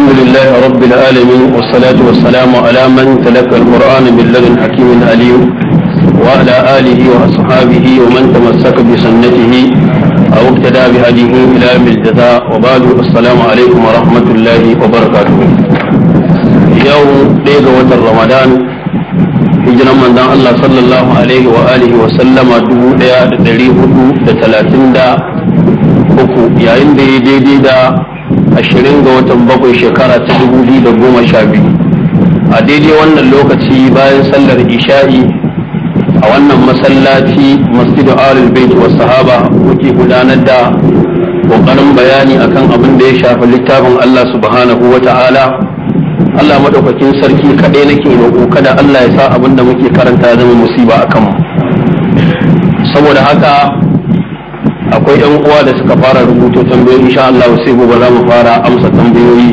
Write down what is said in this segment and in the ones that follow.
الحمد لله رب العالمين والصلاة والسلام على من تلقى القرآن من لدن حكيم عليم وعلى آله وأصحابه ومن تمسك بسنته أو اقتدى بهديه إلى يوم الجزاء وبعد السلام عليكم ورحمة الله وبركاته يوم ليلة وتر رمضان hijiran manzon Allah sallallahu alaihi wa alihi wa sallama dubu ɗaya da ɗari hudu da talatin da uku yayin da ya daidai da ashirin ga watan bakwai shekara ta dubu biyu da goma sha biyu a daidai wannan lokaci bayan sallar isha'i a wannan masallaci da alul bait wa sahaba muke gudanar da ƙoƙarin bayani akan abin da ya shafi littafin Allah subhanahu wa ta'ala Allah maɗaukakin sarki kaɗai nake roƙo kada Allah ya sa abin da muke karanta zama musiba a kanmu saboda haka akwai yan uwa da suka fara rubuto tambayoyi insha Allah sai gobe za mu fara amsa tambayoyi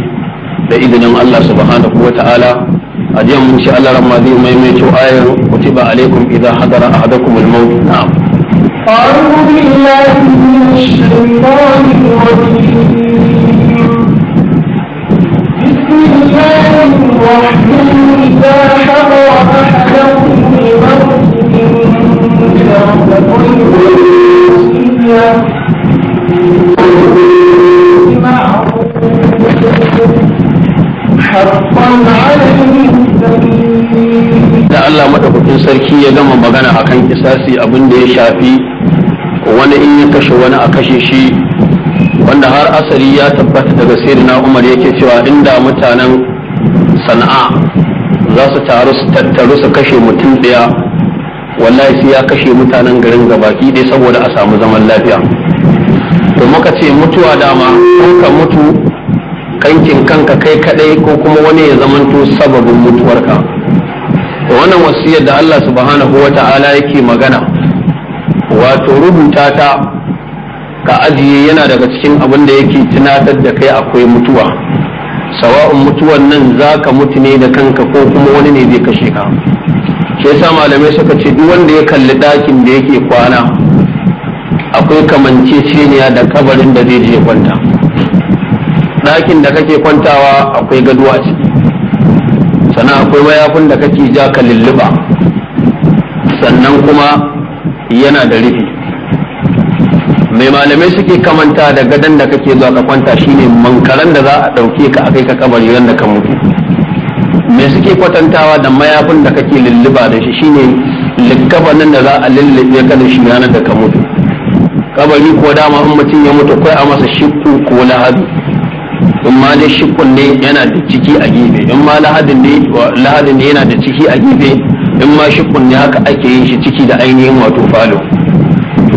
da izinin Allah subhanahu ta'ala a jiya mun shi Allah ramma zai maimaito ayar kutiba alaikum idza hadara ahadakum al-maut na'am أعوذ بالله من الشيطان الرجيم بسم الله الرحمن إذا حضر أحدكم الموت إن شاء da Allah madafukin sarki ya gama magana a kan kisasi abin da ya shafi wani in ya kashe wani a kashe shi wanda har asali ya tabbata daga na Umar yake cewa inda mutanen sana'a za su taru su kashe mutum daya wallahi sai ya kashe mutanen garin gabaki dai saboda a samu zaman lafiya to muka ce mutuwa dama ko ka mutu kankin kanka kai kadai ko kuma wani ya zamanto sababin mutuwarka to wannan wasiyar da Allah subhanahu wata'ala yake magana wato rubuta ta ka ajiye yana daga cikin abin da yake tunatar da kai akwai mutuwa sawa'un mutuwan nan za ka mutu ne da kanka ko kuma wani ne zai kashe ka shi yasa malamai suka ce duk wanda ya kalli ɗakin da yake kwana akwai kamanceceniya da kabarin da zai je kwanta ɗakin da kake kwantawa akwai gaduwa ce, sannan akwai mayafin da kake ja ka lulluba sannan kuma yana da rufi mai malamai suke kamanta da gadon da kake zuwa ka kwanta shine mankaran da za a ɗauke ka akai ka kabari wanda ka mutu Mai suke kwatantawa da mayafin da kake lulluba da shi shine likkafanin da za a lullube ka da shi ranar da ka mutu kabari ko dama in mutum ya mutu kai a masa shikku ko lahadi in ma dai shikkun ne yana da ciki a gefe in ma lahadin ne lahadin ne yana da ciki a gefe in ma shikkun ne haka ake yin shi ciki da ainihin wato falo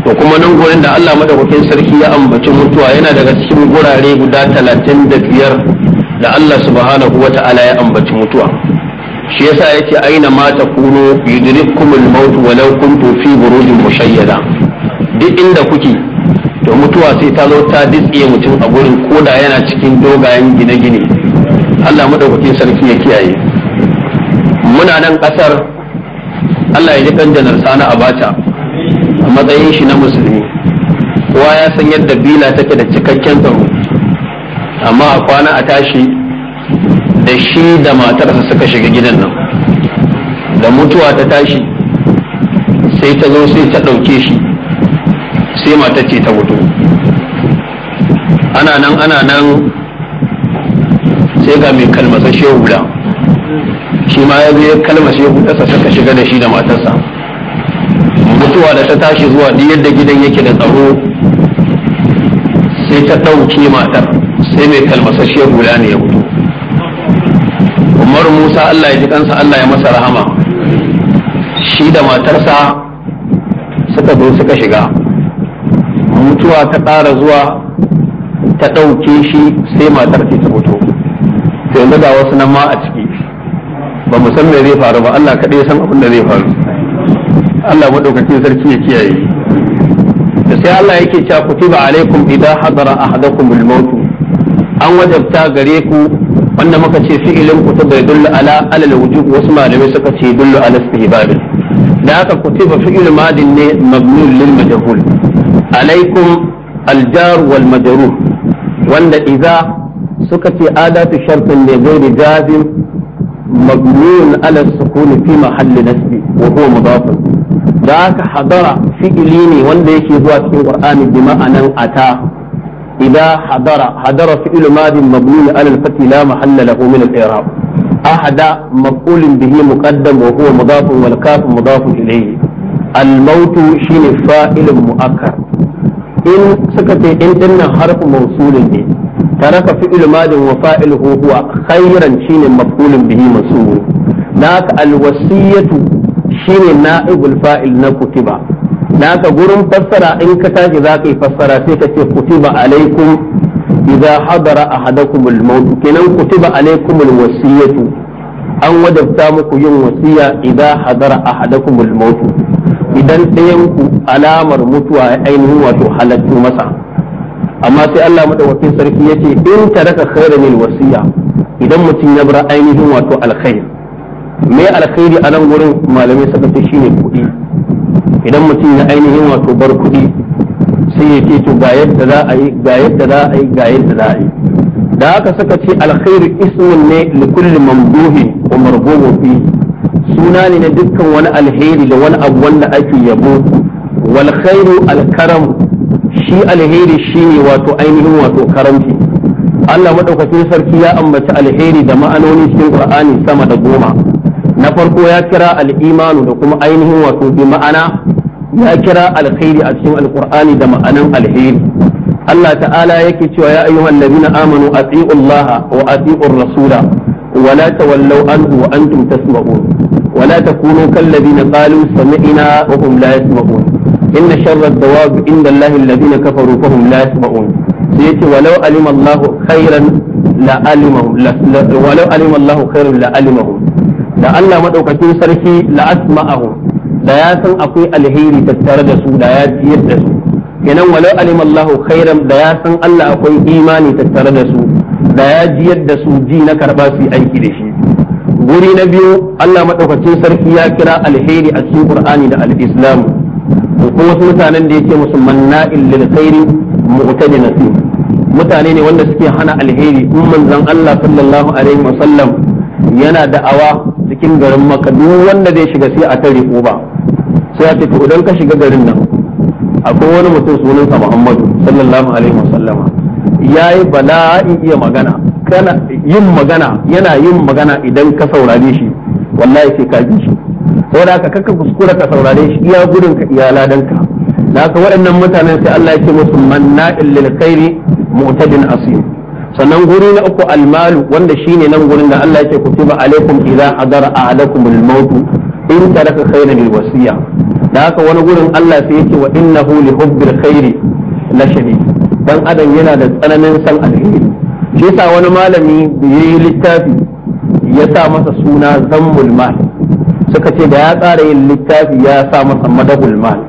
to kuma nan gurin da Allah madaukakin sarki ya ambaci mutuwa yana daga cikin gurare guda talatin da biyar da Allah subhanahu wa ta'ala ya ambaci mutuwa shi yasa yake aina ma kuno yudrikumul maut walau kuntu fi burujin mushayyada duk inda kuke to mutuwa sai ta zo ta ditsiye mutum a gurin koda yana cikin dogayen gine-gine Allah madaukakin sarki ya kiyaye muna nan kasar Allah ya ji kan janar a abacha a matsayin shi na musulmi kowa ya san yadda bila take da cikakken tsaro amma a kwana a tashi da shi da matarsa suka shiga gidan nan da mutuwa ta tashi sai ta zo sai ta ɗauke shi sai matar ce ta mutu ana nan ana nan sai ga mai kalmasa shehu da shi ma ya biya kalma shehu ɗasa suka shiga da shi da matarsa mutuwa da ta tashi zuwa duk yadda gidan yake da tsaro sai ta ɗauke matar sai mai kalmasasshiyar guda ne ya fito umar musa allah ya ji kansa allah ya masa rahama shi da matarsa suka zo suka shiga mutuwa ta ƙara zuwa ta ɗauke shi sai matar ce ta fito to yanzu ga wasu nan ma a ciki ba mu san me zai faru ba allah kaɗai ya san abin da zai faru allah maɗaukakin sarki ya kiyaye da sai allah yake cewa kutiba alaikum idan hadara ahadakum al-maut an wajabta gare ku wanda muka ce fi'ilin kutub bai dullu ala alal wujub wasu malamai suka ce dullu ala istihbab da haka kutiba fi'il madin ne mabnun lil majhul alaikum aljar wal majrur wanda idza suka ce adatu shartin ne gairi jazim mabnun ala sukuni fi mahalli nasbi wa huwa mudaf da haka hadara fi'ili ne wanda yake zuwa cikin qur'ani bi ma'anan ata إذا حضر حضر فعل ماض مبني على الفتح لا محل له من الإعراب أحد مفعول به مقدم وهو مضاف والكاف مضاف إليه الموت شين فاعل مؤخر إن سكت إن إن حرف موصول به ترك فعل ماض وفاعله هو خيرا شين مفعول به منصوب ذاك الوصية شين نائب الفاعل نكتبه naka gurin fassara in ka tashi za ka yi fassara sai ka ce kutiba alaikum idza hadara ahadakumul maut kenan kutiba alaikumul wasiyatu an wajabta muku yin wasiya idza hadara ahadakumul maut idan ɗayan ku alamar mutuwa ya ainihin wato halattu masa amma sai Allah madaukakin sarki yace in taraka khairan lil wasiya idan mutum ya bar ainihin wato alkhair me alkhairi a nan gurin malamai suka ce shine kuɗi idan mutum ya ainihin wato bar kuɗi sai ya ce to ga yadda za a yi ga yadda za a yi ga yadda za a yi da haka saka ce alkhair ismun ne li kulli mamduhin wa marghubun fi suna ne na dukkan wani alheri da wani abu wanda ake yabo wal khairu al karam shi alheri shine wato ainihin wato karamci Allah madaukakin sarki ya ambaci alheri da ma'anoni cikin Qur'ani sama da goma na farko ya kira al'imanu da kuma ainihin wato bi ma'ana ya kira alkhairi a cikin alkur'ani da ma'anan alheri Allah ta'ala yake cewa ya ayyuhan ladina amanu ati'u Allah wa ati'u rasula wa la tawallaw anhu wa antum tasma'un wa la takunu kal ladina qalu sami'na wa hum la yasma'un inna sharra ad-dawab inda Allah alladhina kafaru fa hum la yasma'un sai yace walau alima Allah khairan la alimahum walau alima Allah khairan la alimahum da Allah madaukakin sarki La'asmaahu, da ya san akwai alheri tattare da su da ya ciyar da su kenan walau alim Allahu khairan da ya san Allah akwai imani tattare da su da ya jiyar da su ji na karba su aiki da shi guri na biyu Allah madaukakin sarki ya kira alheri a cikin Qur'ani da al-Islam ko wasu mutanen da yake musulman na'il lil khairi mu'tadi nasib mutane ne wanda suke hana alheri in manzon Allah sallallahu alaihi wasallam yana da'awa cikin garin maka duk wanda zai shiga sai a tare ko ba sai a tafi idan ka shiga garin nan akwai wani mutum sunansa muhammadu sallallahu alaihi wasallama ya yi bala'in iya magana kana yin magana yana yin magana idan ka saurare shi wallahi sai ka ji shi saboda haka kakka kuskura ka saurare shi iya gudun ka iya ladan ka da haka waɗannan mutanen sai Allah ya ce musu manna'il lil khairi mu'tadin asim sannan guri na uku almalu wanda shine nan gurin da Allah yake kutiba alaikum idza hadara ahadakumul maut in taraka khayran lil wasiya da haka wani gurin Allah sai yake wa innahu li hubbil khairi la dan adam yana da tsananin san alheri shi yasa wani malami yayi littafi ya sa masa suna zammul mal suka ce da ya tsara yin littafi ya sa masa madahul mal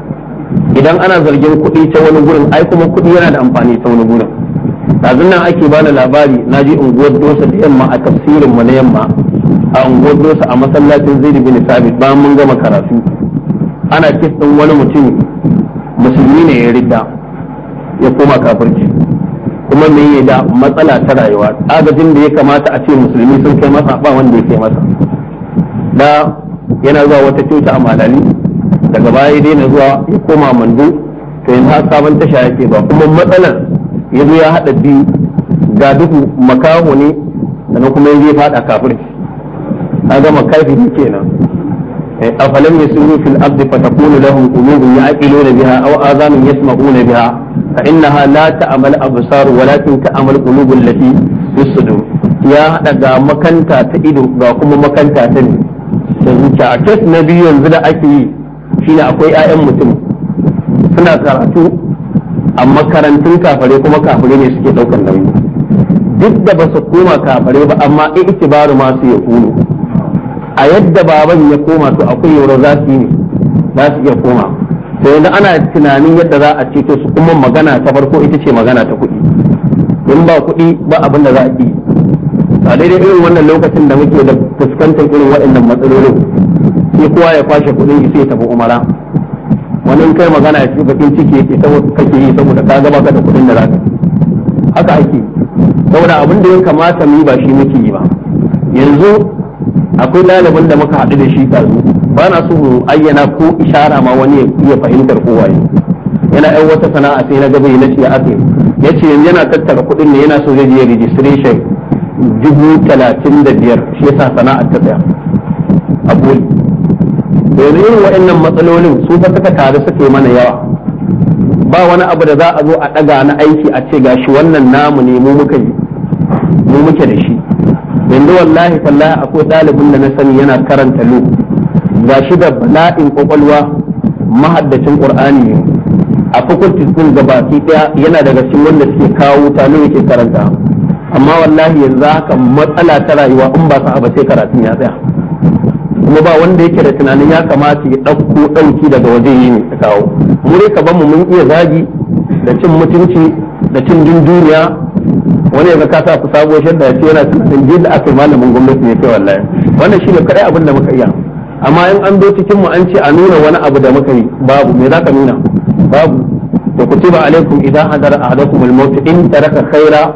idan ana zargin kuɗi ta wani gurin ai kuma kuɗi yana da amfani ta wani gurin kazin nan ake bani labari na ji unguwar dosa da yamma a tafsirin mu na yamma a unguwar dosa a masallacin zaid bin sabit bayan mun gama karatu ana kis din wani mutum musulmi ne ya ridda ya koma kafirci kuma me ya da matsala ta rayuwa agajin da ya kamata a ce musulmi sun kai masa ba wanda ya kai masa da yana zuwa wata cuta a malali daga baya ya daina zuwa ya koma mandu to yanzu har sabon tasha yake ba kuma matsalar ya zo ya haɗa biyu ga duhu makaho ne sannan kuma yanzu ya faɗa kafin a gama kafi ne kenan eh, a falon ya suru fil abdi fa ta kuni lahun kulubu ya aƙilo na biha awa azamin ya smaku na biha fa innaha la ta amal abusar walakin ta amal kulubun lafi ya haɗa ga makanta ta ido ga kuma makanta ta ne da zuciya a kes na biyu yanzu da ake yi shine akwai 'ya'yan mutum suna karatu amma karantun kafare kuma kafare ne suke daukar nauyi duk da ba su koma kafare ba amma itibaru ma su ya kuno a yadda baban ya koma su akwai yoro za su yi za su iya koma to yanzu ana tunanin yadda za a ceto su kuma magana ta farko ita ce magana ta kuɗi in ba kuɗi ba abin da za a yi a daidai irin wannan lokacin da muke da fuskantar irin waɗannan matsalolin sai kowa ya kwashe kuɗin sai ya tafi umara wani kai magana shi bakin ciki yake saboda kake yi saboda ka gaba ka da kuɗin da zaka haka ake saboda abin da ya kamata mu yi ba shi muke yi ba yanzu akwai ɗalibin da muka haɗu da shi kazu ba na so ayyana ko ishara ma wani ya fahimtar kowa yana yan wata sana'a sai na ga bai ce a ya ce yanzu yana tattara kuɗin ne yana so zai je registration dubu talatin da biyar shi yasa sana'a ta tsaya a boli domin yin waɗannan matsalolin su fa suka taru suke mana yawa ba wani abu da za a zo a ɗaga na aiki a ce gashi wannan namu ne mu muka yi mu muke da shi yanzu wallahi fallahi akwai ɗalibin da na sani yana karanta lu gashi da bala'in kwakwalwa mahaddacin Ƙur'ani ne a fakultis din gabaki daya yana daga cikin wanda suke kawo ta ne yake karanta amma wallahi yanzu haka matsala ta rayuwa in ba sa abace karatun ya tsaya kuma ba wanda yake da tunanin ya kamata ya ɗauko ɗauki daga waje yi ne kawo mu dai ka mu mun iya zagi da cin mutunci da cin dunduniya wani yanzu ka sa ku sabo shadda ya ce yana tunanin da aka malamin gwamnati ne kai wallahi wannan shine kadai abin da muka iya amma in an zo cikin mu an ce a nuna wani abu da muka yi babu me zaka nuna babu to ba alaikum idan hadara ahadakum al-maut in taraka khaira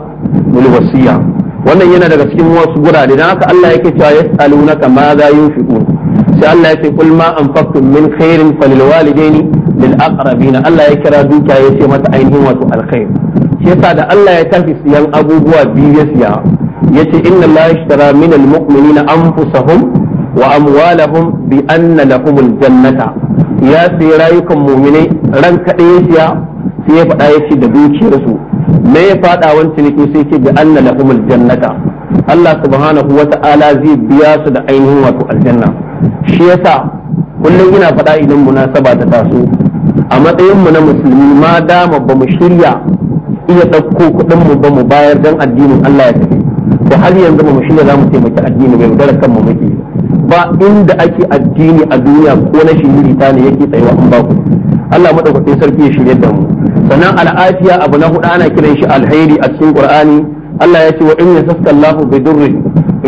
lil wasiya wannan yana daga cikin wasu gurare dan haka Allah yake cewa yas'alunaka ma za yunfiqun sai Allah yake kul ma anfaqtum min khairin falil walidaini lil aqrabin Allah ya kira dukiya ya ce mata ainihin wato alkhair shi yasa da Allah ya tafi siyan abubuwa biyu ya siya yace inna Allah yashtara min al mu'minina anfusahum wa amwalahum bi anna lahumul jannata ya sai rayukan mu'minai ran kadai ya siya sai ya faɗa ya ce da dukiyarsu me ya fadawan ciniki sai ke bi anna lahumul jannata Allah subhanahu wata'ala zai biya su da ainihin wato aljanna shi yasa kullum ina fada idan munasaba ta taso a matsayin mu na musulmi ma dama ba mu shirya iya dauko kuɗin mu ba mu bayar dan addinin Allah ya tafi to har yanzu ba mu shirya za mu taimaki addini bai dole kanmu muke ba inda ake addini a duniya ko na shirita ne yake tsayawa an ba ku Allah madaukakin sarki ya shirye da mu sannan al'afiya abu na hudu ana kiran shi alheri a cikin qur'ani Allah ya ce wa in yasaska Allah bi durri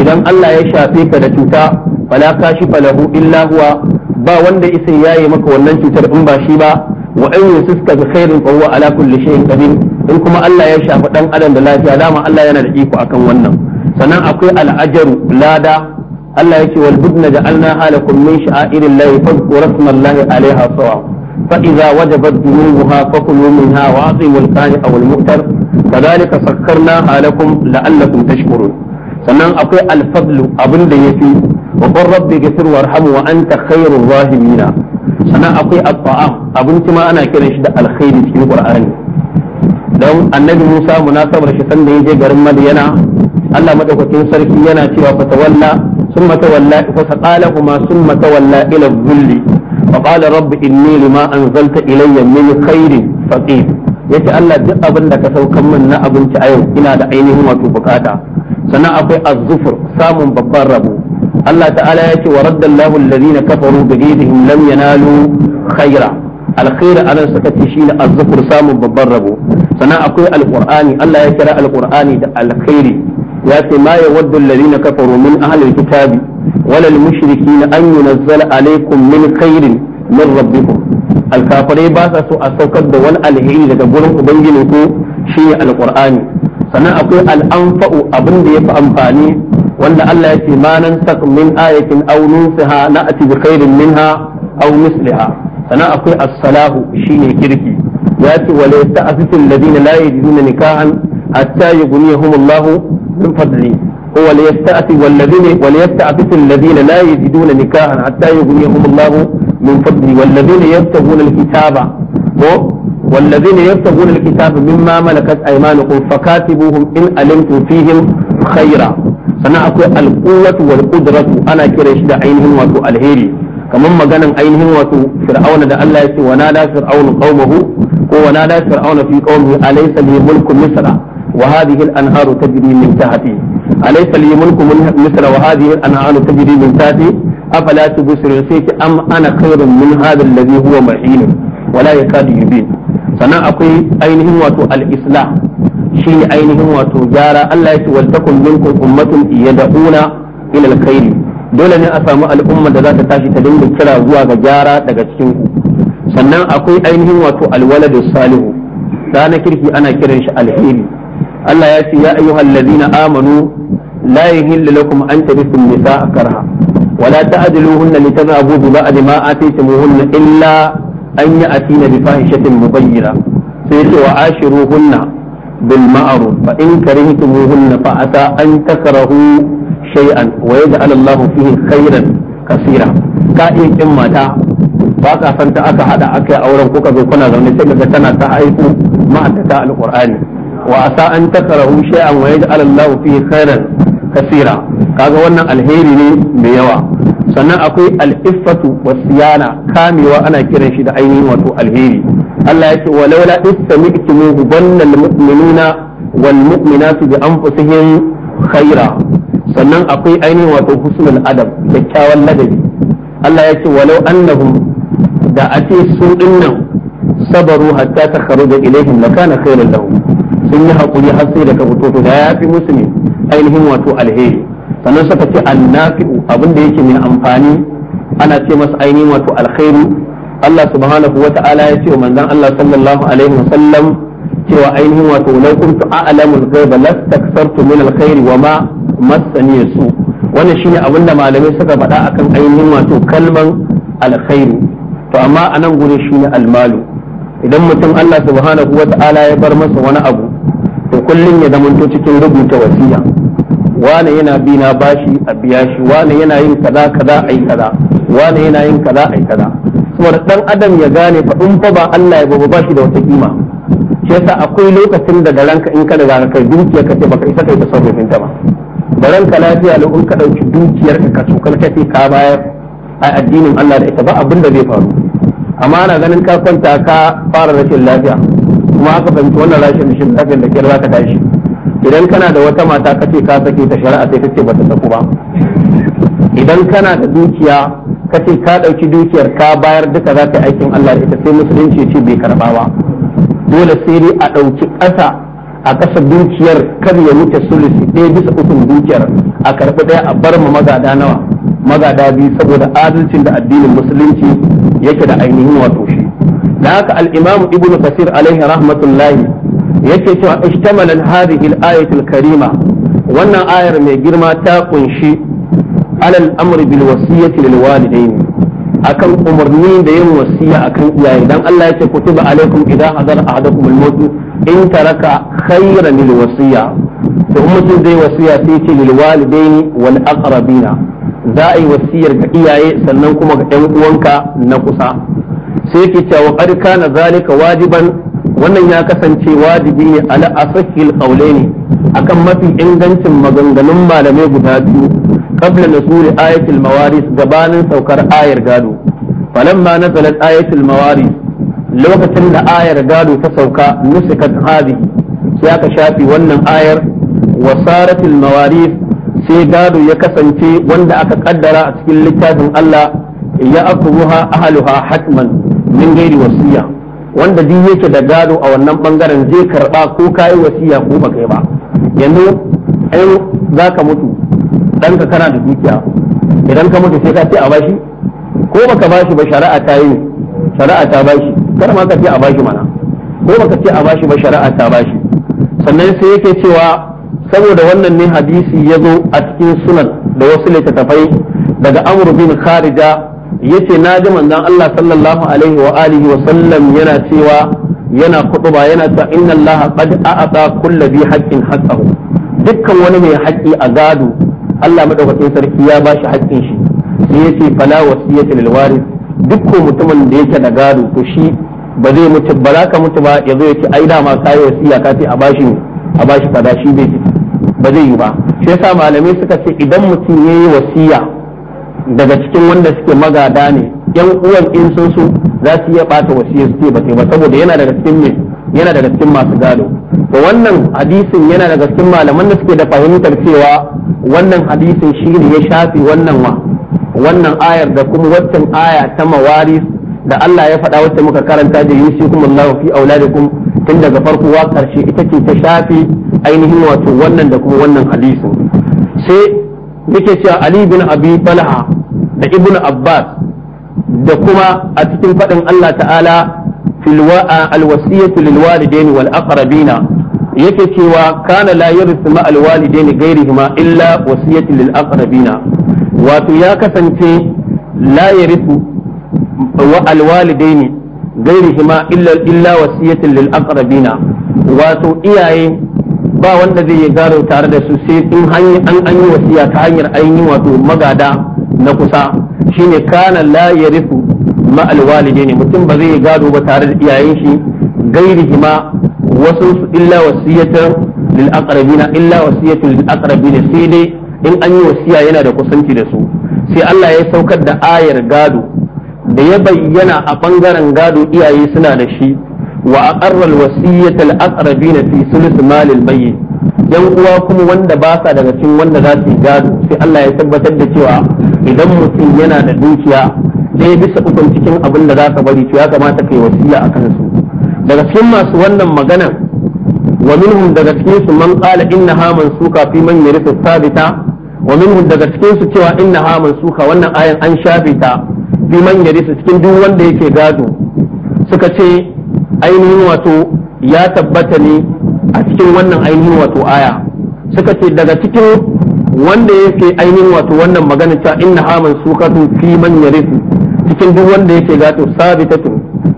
idan Allah ya shafe ka da cuta fala kashi lahu illa huwa ba wanda isa yayi maka wannan cutar in ba shi ba wa in yasaska bi khairin fa huwa ala kulli shay'in qadir in kuma Allah ya shafi dan adam da lafiya dama Allah yana da iko akan wannan sannan akwai al'ajaru lada Allah ya ce wal budna ja'alna halakum min sha'airillahi fadhkuru rasmallahi alaiha sawab فإذا وجبت جنوبها فكلوا منها وأعطوا القانع والمؤتر كذلك سكرناها لكم لعلكم تشكرون sannan akwai alfadlu abin da ya fi wa qur rabbi ghfir warham wa anta khairur rahimina. sannan akwai abinci ma ana kiran shi da alkhairi cikin qur'ani Don annabi Musa munasabar shi sanda je garin Madiyana Allah madaukakin sarki yana cewa fatawalla summa tawalla fa saqala kuma summa tawalla ila dhilli فقال رب إني لما أنزلت إلي من خير فقير yace Allah duk abin da ka saukan min na abinci a yau ina da ainihin wato bukata sannan akwai az-zufur samun babban rabo Allah ta'ala yace wa raddallahu alladhina kafaru bi ghayrihim lam yanalu khaira alkhair anan suka ce shine az-zufur samun babban rabo sannan akwai alqur'ani Allah ya kira alqur'ani da alkhairi ya ce ma ya waddu alladhina kafaru min ahli kitabi walal al na an yunzala alaikum min khairin min rabbiku alkafirai ba sa so a saukar da wani alheri daga gurin ubangiji ko shi ne alqur'ani sannan akwai al'anfa'u abin da ya fi amfani wanda Allah ya ce ma nan sak min ayatin aw nusiha na'ti bi khairin minha aw misliha sannan akwai as-salahu shine kirki ya ce wala na alladhina la yajiduna nikahan hatta yughniyahum Allahu من فضله هو ليستأتي والذين وليستعفف الذين لا يجدون نكاحا حتى يغنيهم الله من فضله والذين يبتغون الكتاب والذين يبتغون الكتاب مما ملكت أيمانكم فكاتبوهم إن علمتم فيهم خيرا sannan akwai alƙuwatu wal qudratu ana kiran shi da ainihin wato alheri kamar maganan ainihin wato fir'auna da Allah ya ce wa nada fir'aunu qaumahu ko wa nada fir'auna mulku misra وهذه الأنهار تجري من تحتي أليس لي ملك مصر وهذه الأنهار تجري من تحتي أفلا تبصر سيك أم أنا خير من هذا الذي هو معين ولا يكاد يبين سنا أقول أينهم واتو الإصلاح شين أينهم واتو جارا الله ولتكن منكم أمة يدعون إلى الخير dole ne a samu al'umma da za ta tashi ta dinga kira zuwa ga gyara daga cikin ku sannan akwai ainihin wato alwaladu salihu da na kirki ana kiran shi alheri Allah ya ce ya ayyuha allazina amanu la yahillu lakum an tarithu nisaa karha wa la ta'diluhunna li tadhabu bi ba'di ma ataytumuhunna illa an ya'tina bi fahishatin mubayyira sai ce wa ashiruhunna bil ma'ruf fa in karihtumuhunna fa ata an takrahu shay'an wa yaj'al Allah fihi khayran kaseera ka'in din mata ba ka san ta aka haɗa aka auren kuka zo kuna zaune sai kaga tana ta haihu ma'aikata ta wasa asa an takrahu shay'an wa yaj'al Allah fihi khairan kasira kaga wannan alheri ne mai yawa sannan akwai al-iffatu wasiyana kamewa ana kiran shi da ainihin wato alheri Allah ya ce walaula istami'tumuhu banna al-mu'minuna wal mu'minatu bi anfusihim khaira sannan akwai ainihin wato husnul adab kyakkyawan ladabi Allah ya ce walau annahum da a ce su dinnan sabaru hatta ta kharuja ilaihim lakana khairan lahum sun yi hakuri har sai da fito da ya fi musu ainihin wato alheri sannan suka ce annafi'u abin da yake mai amfani ana ce masa ainihin wato alheri Allah subhanahu wa ta'ala ya ce wa manzon Allah sallallahu alaihi wa sallam cewa ainihin wato law kuntu a'lamul ghaiba lastakthartu min alkhairi wa ma massani su wannan shine abin da malamai suka faɗa akan ainihin wato kalman alkhairu to amma anan gure shine almalu idan mutum Allah subhanahu wa ta'ala ya bar masa wani abu kullum ya zamanto cikin rubuta wasiya wane yana bi na bashi a biya shi wane yana yin kaza kaza ai kaza wane yana yin kaza ai kaza saboda dan adam ya gane fa in fa ba Allah ya ba bashi da wata kima shi yasa akwai lokacin da garanka in ka daga kai dukiya ka ce baka isa kai ta ba da ranka lafiya lau in ka dauki dukiyar ka kaso ka tafi ka bayar a addinin Allah da ita ba abin da zai faru amma ana ganin ka kwanta ka fara rashin lafiya kuma aka fahimci wannan rashin rashin lafiyar da kyar zaka tashi idan kana da wata mata ka ce ka sake ta shari'a sai ta ce bata saku ba idan kana da dukiya ka ce ka ɗauki dukiyar ka bayar duka za ta yi aikin Allah da ita sai musulunci ce bai karɓa ba dole sai dai a ɗauki ƙasa a ƙasa dukiyar kar ya wuce sulusi ɗaya bisa ukun dukiyar a karɓi ɗaya a bar ma magada nawa magada biyu saboda adalcin da addinin musulunci yake da ainihin wato shi da haka al-imam ibn kasir alaihi rahmatullahi yake cewa ishtamalan hadhihi al-ayatul karima wannan ayar mai girma ta kunshi alal amri bil wasiyyati lil walidain akan umarni da yin wasiya akan iyaye dan Allah yake kutuba alaikum idan hadar ahadakum al-maut in taraka khayran lil wasiya to mutum zai wasiya sai ce lil walidain wal aqrabina za a yi wasiyar ga iyaye sannan kuma ga 'yan uwanka na kusa sai yake cewa qad na zalika wajiban wannan ya kasance wajibi ne ala asahil ne akan mafi ingancin maganganun malamai guda biyu qabla nusuli ayatul mawaris gabanin saukar ayar gado na nazalat ayatul mawaris lokacin da ayar gado ta sauka nusikat hadi sai aka shafi wannan ayar wasaratul mawaris sai gado ya kasance wanda aka kaddara a cikin littafin Allah ya akubuha ahaluha hatman min gairi wasiya wanda duk yake da gado a wannan bangaren zai karba ko kayi wasiya ko ba kai ba yanzu ai za ka mutu dan ka kana da dukiya idan ka mutu sai ka ce a bashi ko baka bashi ba shari'a ta yi shari'a ta bashi kar ma ka ce a bashi mana ko baka ce a bashi ba shari'a ta bashi sannan sai yake cewa saboda wannan ne hadisi ya zo a cikin sunan da wasu littattafai daga amurbin bin kharija yace na ji manzan Allah sallallahu alaihi wa alihi wa sallam yana cewa yana kutuba yana cewa inna Allah qad a'ata kulli bi haqqin haqqahu dukkan wani mai haƙƙi a gado Allah madaukakin sarki ya ba shi haƙƙin shi sai yace fala wasiyatu lil waris dukkan mutumin da yake da gado to shi ba zai mutu ba za ka mutu ba yazo yace ai dama kai wasiya ka ce a bashi ne a bashi kaza shi bai ba zai yi ba shi yasa malamai suka ce idan mutum ya yi wasiya daga cikin wanda suke magada ne yan uwan in sun so za su iya bata wasiyar su ba ba saboda yana daga cikin mai yana daga cikin masu gado to wannan hadisin yana daga cikin malaman da suke da fahimtar cewa wannan hadisin shi ne ya shafi wannan wa wannan ayar da kuma waccan aya ta mawaris da Allah ya faɗa wacce muka karanta da yusikum Allahu fi auladikum tun daga farko wa karshe ita ce ta shafi ainihin wato wannan da kuma wannan hadisin sai yake cewa ali bin abi talha da ibnu abbas da kuma a cikin faɗin Allah ta'ala fil wa'a alwasiyatu lil walidaini wal aqrabina yake cewa kana la yarisu ma al walidaini ghairihima illa wasiyatu lil aqrabina wato ya kasance la yarisu wa al walidaini gairihima illa illa wasiyatin lil aqrabina wato iyaye ba wanda zai yi gado tare da su sai an anyi wasiya ta hanyar ainihin wato magada na kusa shine kana la yarifu ma alwalidaini mutum ba zai yi gado ba tare da iyayen shi gairihima wasu su illa wasiyatan lil aqrabina illa wasiyatan lil aqrabina sai dai in an yi wasiya yana da kusanci da su sai Allah ya saukar da ayar gado da ya bayyana a ɓangaren gado iyaye suna da shi wa aqarral wasiyyata al aqrabina fi sulus mal al yan uwa kuma wanda ba sa daga cikin wanda za su gado sai Allah ya tabbatar da cewa idan mutum yana da dukiya ɗaya bisa ukun cikin abin da za ka bari to ya kamata kai wasiya a kansu daga cikin masu wannan magana wa minhum daga cikin su man qala man suka fi man yarisu sabita wa minhum daga cikin su cewa man suka wannan ayan an shafe ta biman su cikin duk wanda yake gado suka ce ainihin wato ya tabbata ne a cikin wannan ainihin wato aya suka ce daga cikin wanda yake ainihin wato wannan magana ta inna haman sukatu fi man yarisu cikin duk wanda yake gato sabitatu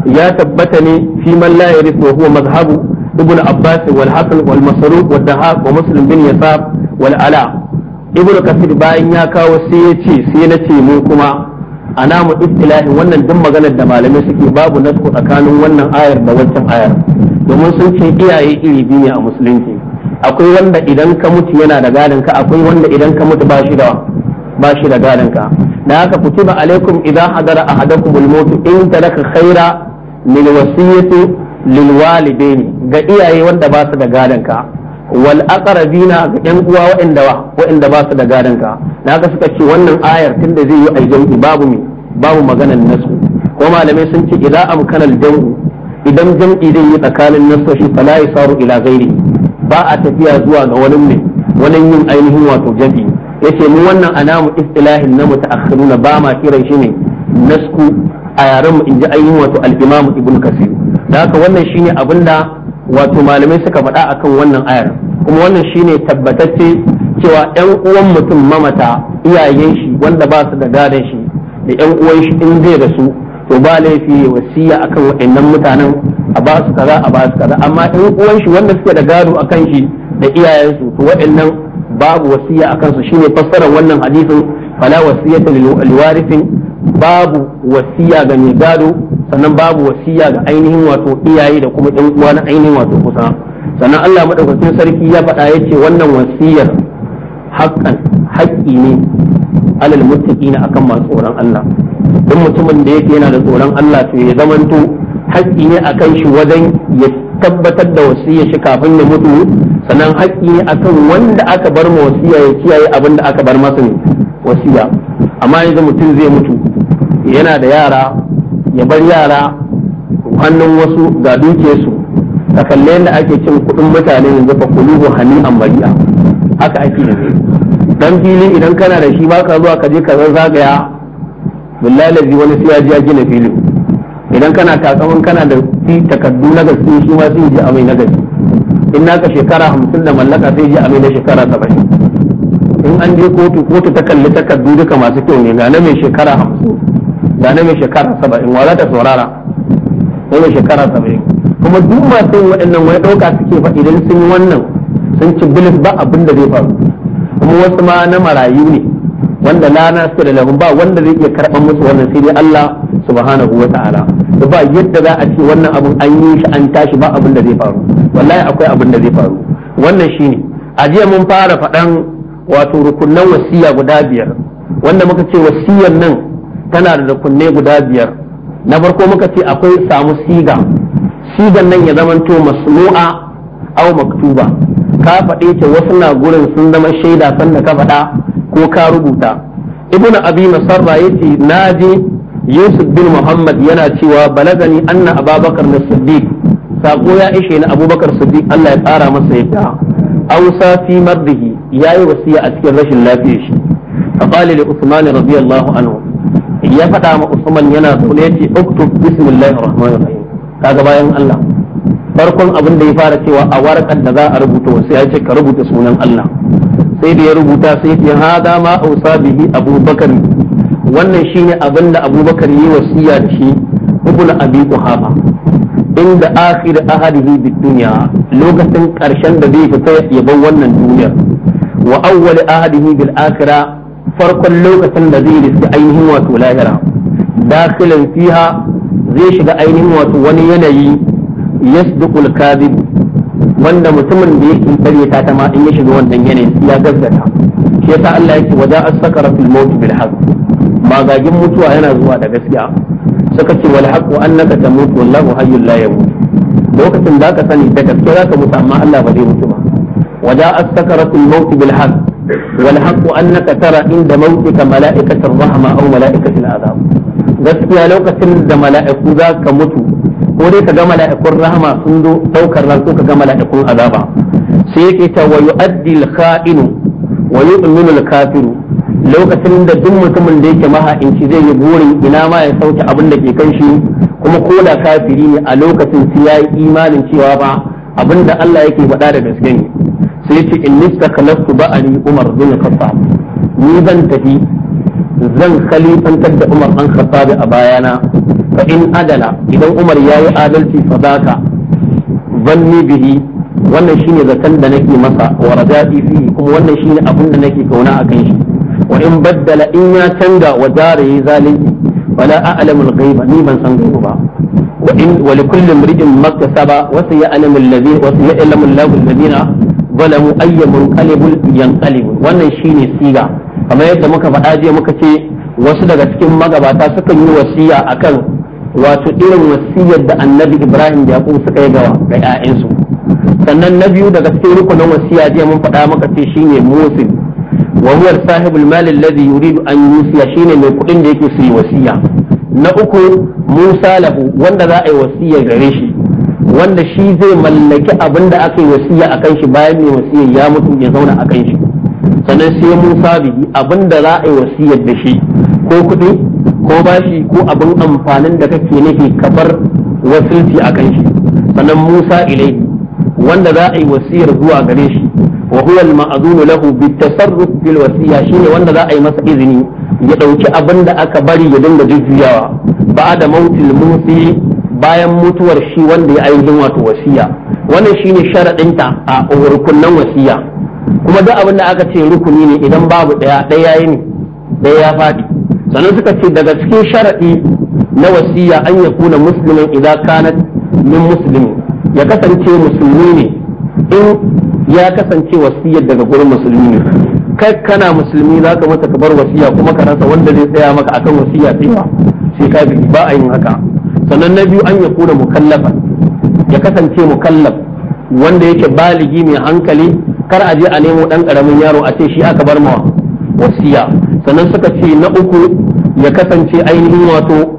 ya tabbata ne fi man la yarisu wa huwa mazhabu ibnu abbas wal hasan wal masruq wa dahab wa muslim bin yasab wal ala ibnu kasir bayan ya kawo sai ya ce sai na ce mu kuma alamu istilahin wannan duk maganar da malamai suke babu nasku tsakanin wannan ayar da wancan ayar domin sun ce iyaye iri biyu ne a musulunci akwai wanda idan ka mutu yana da gadon ka akwai wanda idan ka mutu ba shi da ba shi da gadon ka da haka kutiba alaikum idza hadara ahadakumul maut in talaka khaira lil wasiyati lil walidaini ga iyaye wanda ba su da gadon ka wal aqrabina ga yan uwa waɗanda ba waɗanda ba su da gadon ka na ga suka ce wannan ayar tunda zai yi aljam'i babu mi babu maganar nasu ko malamai sun ce idza amkana aljam'u idan jam'i zai yi tsakanin nasoshi fala yasaru ila ghairi ba a tafiya zuwa ga wani ne wani yin ainihin wato jam'i yace mu wannan anamu istilahin na mutaakhiruna ba ma kiran shi ne nasku a yaran mu inji ainihin wato al-imam ibnu kasir da haka wannan shine abinda wato malamai suka faɗa akan wannan ayar kuma wannan shine tabbatacce cewa yan uwan mutum mamata iyayen shi wanda ba su da gadon shi da yan uwan shi in zai rasu to ba laifi ya wasiya akan waɗannan mutanen a ba su kaza a ba su kaza amma yan uwan shi wanda suke da gado akan shi da iyayen su to waɗannan babu wasiya akan su shine fassarar wannan hadisin fala wasiyata lil babu wasiya ga mai gado sannan babu wasiya ga ainihin wato iyaye da kuma ɗan uwa na ainihin wato kusa sannan Allah madaukakin sarki ya faɗa ya ce wannan wasiyar haƙƙan haƙƙi ne alal muttaqina akan masu tsoron Allah duk mutumin da yake yana da tsoron Allah to ya zamanto haƙƙi ne akan shi wajen ya tabbatar da wasiyar shi kafin ya mutu sannan haƙƙi ne akan wanda aka bar ma wasiya ya kiyaye abin da aka bar masa ne wasiya amma yanzu mutum zai mutu yana da yara ya bar yara hannun wasu ga su ka kalle yadda ake cin kuɗin mutane yanzu fa kulubu hani'an bari'a haka ake da dan fili idan kana da shi ba ka zuwa ka je ka zagaya billahi wani sai ya gina fili idan kana takaman kana da takaddu na gaske shi ma sai ji amai na gaske in naka shekara hamsin da mallaka sai ji amai na shekara saba'in in an je kotu kotu ta kalli takaddu duka masu kyau ne ga na mai shekara hamsin da na mai shekara saba'in wa za ta saurara na mai shekara saba'in kuma duk masu yin waɗannan wani ɗauka suke fa idan sun yi wannan sun ci bilis ba abin da zai faru kuma wasu ma na marayu ne wanda lana su da lahun ba wanda zai iya karɓar musu wannan sai dai Allah subhanahu wa ta'ala ba yadda za a ce wannan abun an yi shi an tashi ba abin da zai faru wallahi akwai abin da zai faru wannan shine a jiya mun fara faɗan wato rukunan wasiya guda biyar wanda muka ce wasiyan nan tana da kunne guda biyar na farko muka ce akwai samu siga sigan nan ya zamanto masnu'a aw maktuba ka faɗe ta wasu na gurin sun zama shaida sanda ka faɗa ko ka rubuta ibn abi masarra yace naji yusuf bin muhammad yana cewa balagani anna ababakar na siddiq sako ya ishe na abubakar siddiq Allah ya tsara masa yadda awsa fi mardihi yayi wasiya a cikin rashin lafiyar shi fa qala li usman radiyallahu anhu ya faɗa ma Usman yana zaune yace uktub bismillahir rahmanir rahim kaga bayan Allah farkon abin da ya fara cewa a warakar da za a rubuta sai ya ce ka rubuta sunan Allah sai da ya rubuta sai ya hada ma ausa bihi abubakar wannan shine abin da abubakar yi wasiya da shi ibnu abi quhafa inda akhir ahadihi bid dunya lokacin karshen da zai fita ya bar wannan duniyar wa awwal ahadihi bil akhirah farkon lokacin da zai riski ainihin wato lahira dakilan fiha zai shiga ainihin wato wani yanayi yasduqul kadhib wanda mutumin da yake karyata ta ma in ya shiga wannan yanayi ya gaskata shi yasa Allah yake waja as-sakaratul maut bil haqq magagin mutuwa yana zuwa da gaskiya suka ce wal haqqu annaka tamutu wallahu hayyul la yamut lokacin da ka sani da gaskiya ka mutu amma Allah ba zai mutu ba waja as-sakaratul maut bil haqq والحق أنك ترى عند موتك ملائكة الرحمة أو ملائكة العذاب gaskiya lokacin da mala'iku za ka mutu ko dai ka ga mala'ikun rahama sun zo daukar ran ko ka ga mala'ikun azaba sai yake ta wa yu'addi al-kha'inu wa yu'minu al lokacin da duk mutumin da yake maha'inci zai yi burin ina ma ya sauke abin da ke kan shi kuma ko da kafiri ne a lokacin sai ya yi imanin cewa ba abin da Allah yake faɗa da gaske ne sai ce in ba a ni Umar bin Khattab ni ban tafi zan khalifantar da Umar an Khattab a bayana fa in adala idan Umar ya yi adalci fa zaka banni bihi wannan shine zakan da nake masa wa rajai fi kuma wannan shine abin da nake kauna akan shi wa in baddala in ya canza wa jarayi zalunci wala a'lamu al-ghaiba ni ban san gaibu ba wa in wa likulli imri'in maktasaba wa sayalamu alladhi wa sayalamu Allahu alladhina balamu ayyamun qalibul yanqalibun wannan shine siga kamar yadda muka faɗa jiya muka ce wasu daga cikin magabata sukan yi wasiya akan wato irin wasiyar da annabi ibrahim da yaqub suka yi gawa ga 'ya'yansu sannan na biyu daga cikin rukunin wasiya jiya mun faɗa maka ce shine musil wa huwa sahibul mal alladhi yuridu an yusiya shine mai kuɗin da yake su yi wasiya na uku musa lahu wanda za a yi wasiya gare shi wanda shi zai mallaki abin da aka yi wasiya a kan shi bayan mai wasiya ya mutu ya zauna a kan shi sannan sai musa sabihi abin da za a yi wasiyar da shi ko kuɗi ko bashi ko abin amfanin da kake nufi ka bar wasilci a kan shi sannan musa ilai wanda za a yi wasiyar zuwa gare shi wa huwa al-ma'zunu lahu bitasarruf bil wasiya shine wanda za a yi masa izini ya dauki abin da aka bari ya dinga jujjuyawa ba da mautil musi bayan mutuwar shi wanda ya ainihin wato wasiya wannan shine sharaɗinta a rukunan wasiya kuma duk abin da aka ce rukuni ne idan babu ɗaya ɗaya yayi ne ɗaya ya faɗi sannan suka ce daga cikin sharaɗi na wasiya an ya kuna musulmin idan kana min musulmi ya kasance musulmi ne in ya kasance wasiyar daga gurin musulmi ne kai kana musulmi za ka mata ka bar wasiya kuma ka rasa wanda zai tsaya maka akan wasiya tsayawa sai ka ba a yin haka sannan na biyu an ya kuna mukallafa ya kasance mukallaf wanda yake baligi mai hankali kar a je a nemo dan karamin yaro a ce shi aka bar mawa wasiya sannan suka ce na uku ya kasance ainihin wato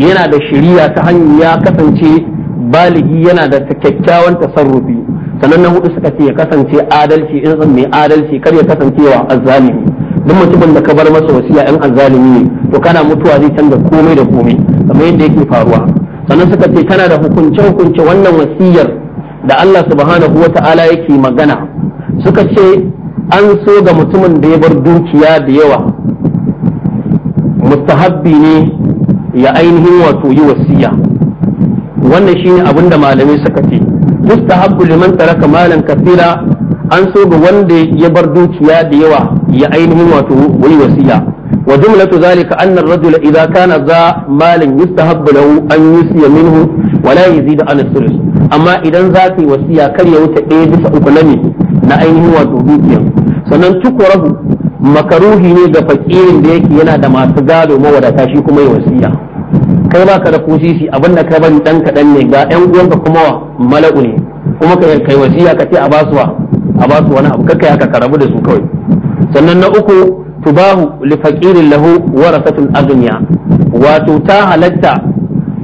yana da shiriya ta hanyar ya kasance baligi yana da kyakkyawan tasarrufi sannan na hudu suka ce ya kasance adalci in mai adalci kar ya kasancewa wa azzalimi duk mutumin da ka bar masa wasiya yan azalimi ne to kana mutuwa zai canza komai da komai kamar yadda yake faruwa sannan suka ce kana da hukunce hukunce wannan wasiyar da Allah subhanahu wata'ala yake magana suka ce an so ga mutumin da ya bar dukiya da yawa mustahabbi ne ya ainihin wato yi wasiya wannan shine abin da malamai suka ce mustahabbu liman taraka malan kafira an so ga wanda ya bar dukiya da yawa ya ainihin wato wani wasiya wa jumlatu zalika anna ar-rajul idza kana za malin yustahabbu lahu an yusiya minhu wa la yazid an as amma idan za ka yi wasiya kar ya wuce ɗaya bisa uku na na ainihin wato dukiya sannan tukurahu makaruhi ne ga fakirin da yake yana da masu gado mawadata shi kuma ya wasiya kai ba ka da kusisi abin da ka bari dan kaɗan ne ga yan uwanka kuma mala'u ne kuma ka kai wasiya ka ce a basuwa a ba su wani abu kaka haka ka da su kawai sannan na uku tubahu li faqirin lahu warasatul aghniya wato ta halatta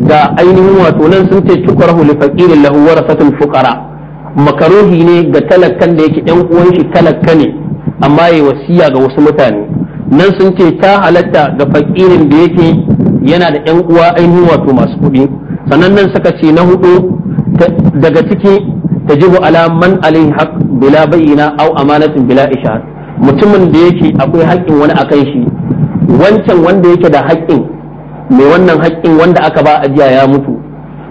ga ainihin wato nan sun ce tukrahu li faqirin lahu warasatul fuqara makaruhi ne ga talakkan da yake ɗan uwan shi talakka ne amma ya wasiya ga wasu mutane nan sun ce ta halatta ga faƙirin da yake yana da ƴan uwa ainihin wato masu kuɗi sannan nan suka ce na hudu daga ciki tajibu ala man alaihi haq bila bayyina aw amanatin bila ishar mutumin da yake akwai haƙƙin wani akan shi wancan wanda yake da haƙƙin mai wannan haƙƙin wanda aka ba jiya ya mutu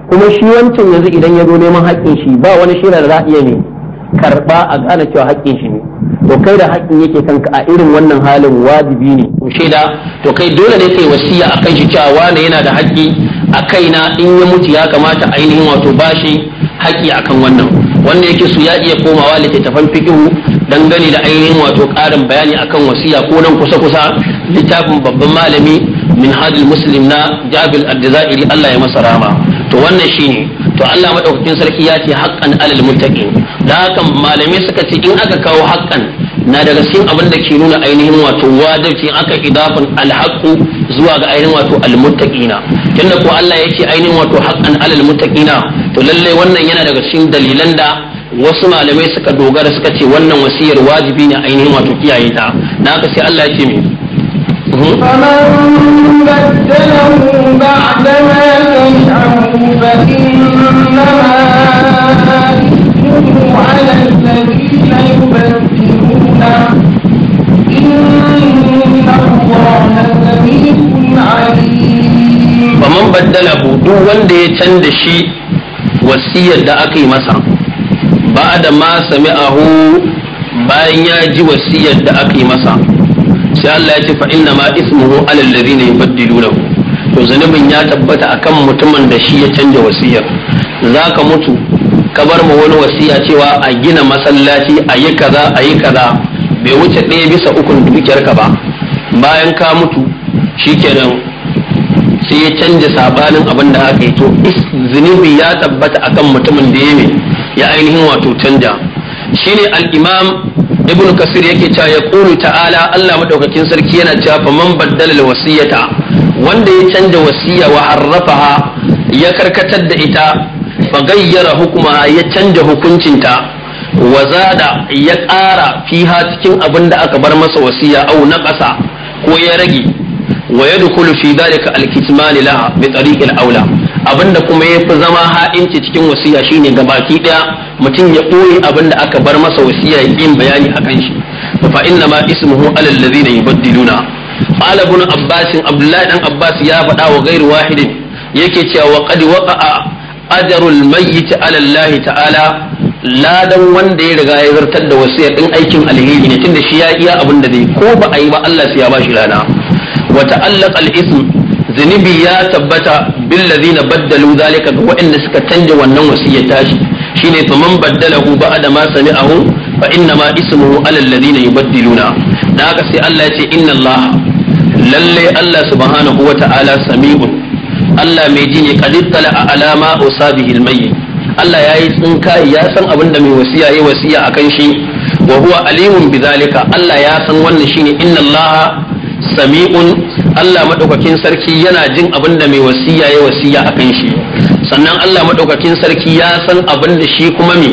kuma shi wancan yanzu idan ya zo neman haƙƙin shi ba wani shira da za iya ne karɓa a gane cewa haƙƙin shi ne to kai da haƙƙin yake kanka a irin wannan halin wajibi ne to shaida to kai dole ne kai wasiya a kan shi cewa wane yana da haƙƙi a kaina in ya mutu ya kamata ainihin wato bashi haƙƙi akan wannan wanda yake su ya iya komawa littattafan fikihu dangane da ainihin wato karin bayani akan wasiya ko nan kusa kusa littafin babban malami min hadil muslim na jabil adzairi Allah ya masa rama to wannan shine to Allah madaukakin sarki ya ce haqqan alal muttaqin da hakan malamai suka ce in aka kawo haqqan na daga cikin abin da ke nuna ainihin wato wajibci aka idafin alhaqu zuwa ga ainihin wato almuttaqina tunda ko Allah yake ainihin wato haqqan alal muttaqina to lalle wannan yana daga cikin dalilan da wasu malamai suka dogara suka ce wannan wasiyar wajibi ne ainihin wato kiyaye ta na haka sai Allah yake ce me فمن بدله بعدما سمعه فإنما وقوموا على الذين يبذلون إن الله سميع عليم فمن بدله دو wanda ya canza shi wasiyar da aka yi masa ba da ma sami'ahu bayan ya ji wasiyar da aka yi masa sai Allah ya ce fa inna ma ismuhu alal ladina yubaddilunahu to zanubin ya tabbata akan mutumin da shi ya canja wasiyar zaka mutu ka bar mu wani wasiya cewa a gina masallaci a yi kaza a yi kaza bai wuce ɗaya bisa ukun dukiyarka ba bayan ka mutu shikenan sai ya canja sabanin abin da aka yi to zunubi ya tabbata a kan mutumin da ya ya ainihin wato canja Shi ne imam ibn kasir yake cewa ya kulu ta'ala Allah madaukakin sarki yana cewa fa man baddala wasiyata wanda ya canja wasiya wa harrafaha ya karkatar da ita fagayyara hukuma ya canja hukuncinta wa zada ya ƙara fiha cikin abin da aka bar masa wasiya au na ƙasa ko ya rage wa ya dukulu fi dalika alkitmani laha bi tariqil aula abinda kuma ya fi zama ha'inci cikin wasiya shine gabaki daya mutum ya ɓoye abin da aka bar masa wasiya ya yin bayani akan shi fa inna ma ismuhu alal ladina yubaddiluna qala ibn abbas abdullahi dan abbas ya faɗa wa ghairu wahidin yake cewa wa qad waqa'a ajarul mayyit ala Allah ta'ala ladan wanda ya riga ya zartar da wasiya din aikin alheri ne tunda shi ya iya abin da zai ko ba a yi ba Allah sai ya bashi rana wa ta'allaq al-ism zunubi ya tabbata bil ladina baddalu zalika ga waɗanda suka canja wannan wasiyya tashi shine faman baddalahu ba'da ma sami'ahu fa inna ma ismuhu ala alladhina yubaddiluna Na haka sai Allah ya ce inna Allah lalle Allah subhanahu wa ta'ala sami'un Allah mai ji ne qad a alama usabihi almayyit Allah yayi tsinka ya san abin da mai wasiya yayi wasiya kan shi wa huwa alimun bizalika Allah ya san wannan shine inna Allah sami'un Allah madaukakin sarki yana jin abin da mai wasiya yayi wasiya kan shi sannan Allah madaukakin sarki ya san abin da shi kuma me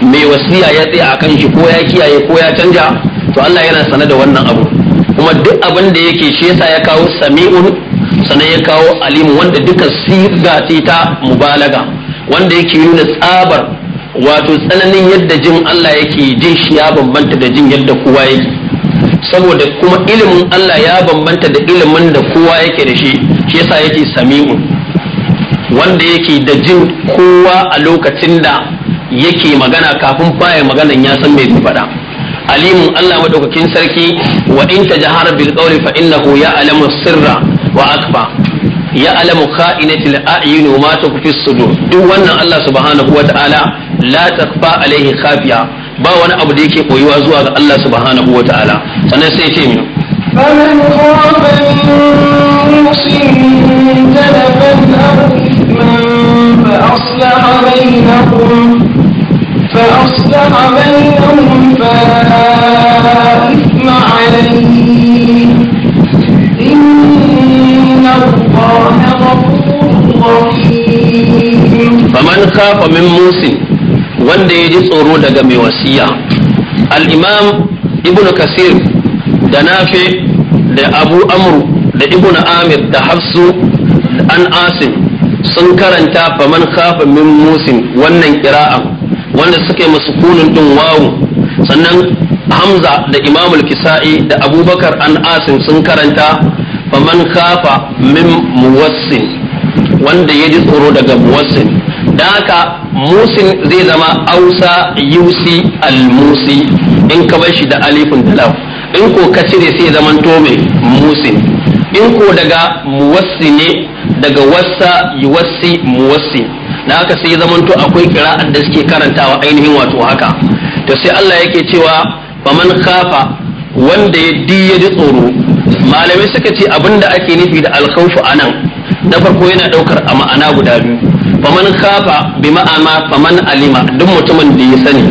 mai wasiya ya tsaya kan shi ko ya kiyaye ko ya canja to Allah yana sane da wannan abu kuma duk abin da yake shi yasa ya kawo sami'un sannan ya kawo alimu wanda duka siga ce ta mubalaga wanda yake nuna tsabar wato tsananin yadda jin Allah yake jin shi ya bambanta da jin yadda kowa yake saboda kuma ilimin Allah ya bambanta da ilimin da kowa yake da shi shi yasa yake sami'u wanda yake da jin kowa a lokacin da yake magana kafin baya maganan ya san mai faɗa alimun Allah madaukakin sarki wa in tajahara bil qawli fa innahu ya'lamu sirra وأكفى يعلم خائنة الأعين وما تخفي الصدور دوانا الله سبحانه وتعالى لا تخفى عليه خافية با وانا أبو ديكي قوي وازوا الله سبحانه وتعالى أنا سيتي منه فمن خاف من مصيب تلفا أو فأصلح بينهم فأصلح بينهم فلا إثم عليه faman kafa min musin wanda ya ji tsoro daga mai الامام al'imam ibn kasir da nafe da abu amru da ibn amir da hafsu da an asim sun karanta faman kafa min musin wannan kira'an wanda suke yi masu kunun ɗin wawu sannan hamza da imamul kisa'i da abubakar an asim sun karanta faman kafa min muwassin wanda ya ji tsoro daga muwassin da haka musin zai zama ausa yusi almusi in ka bar shi da alifin talau in ko ka cire sai zaman tome musin in ko daga muwassi ne daga wassa yuwassi muwassi da haka sai ya zamanto akwai kira'ar da suke karantawa ainihin wato haka to sai Allah yake cewa faman kafa wanda ya di ya ji tsoro malamai suka ce abin da ake nufi da alkhawfu anan na farko yana daukar a ma'ana guda biyu faman kafa bi ma'ama faman alima duk mutumin da ya sani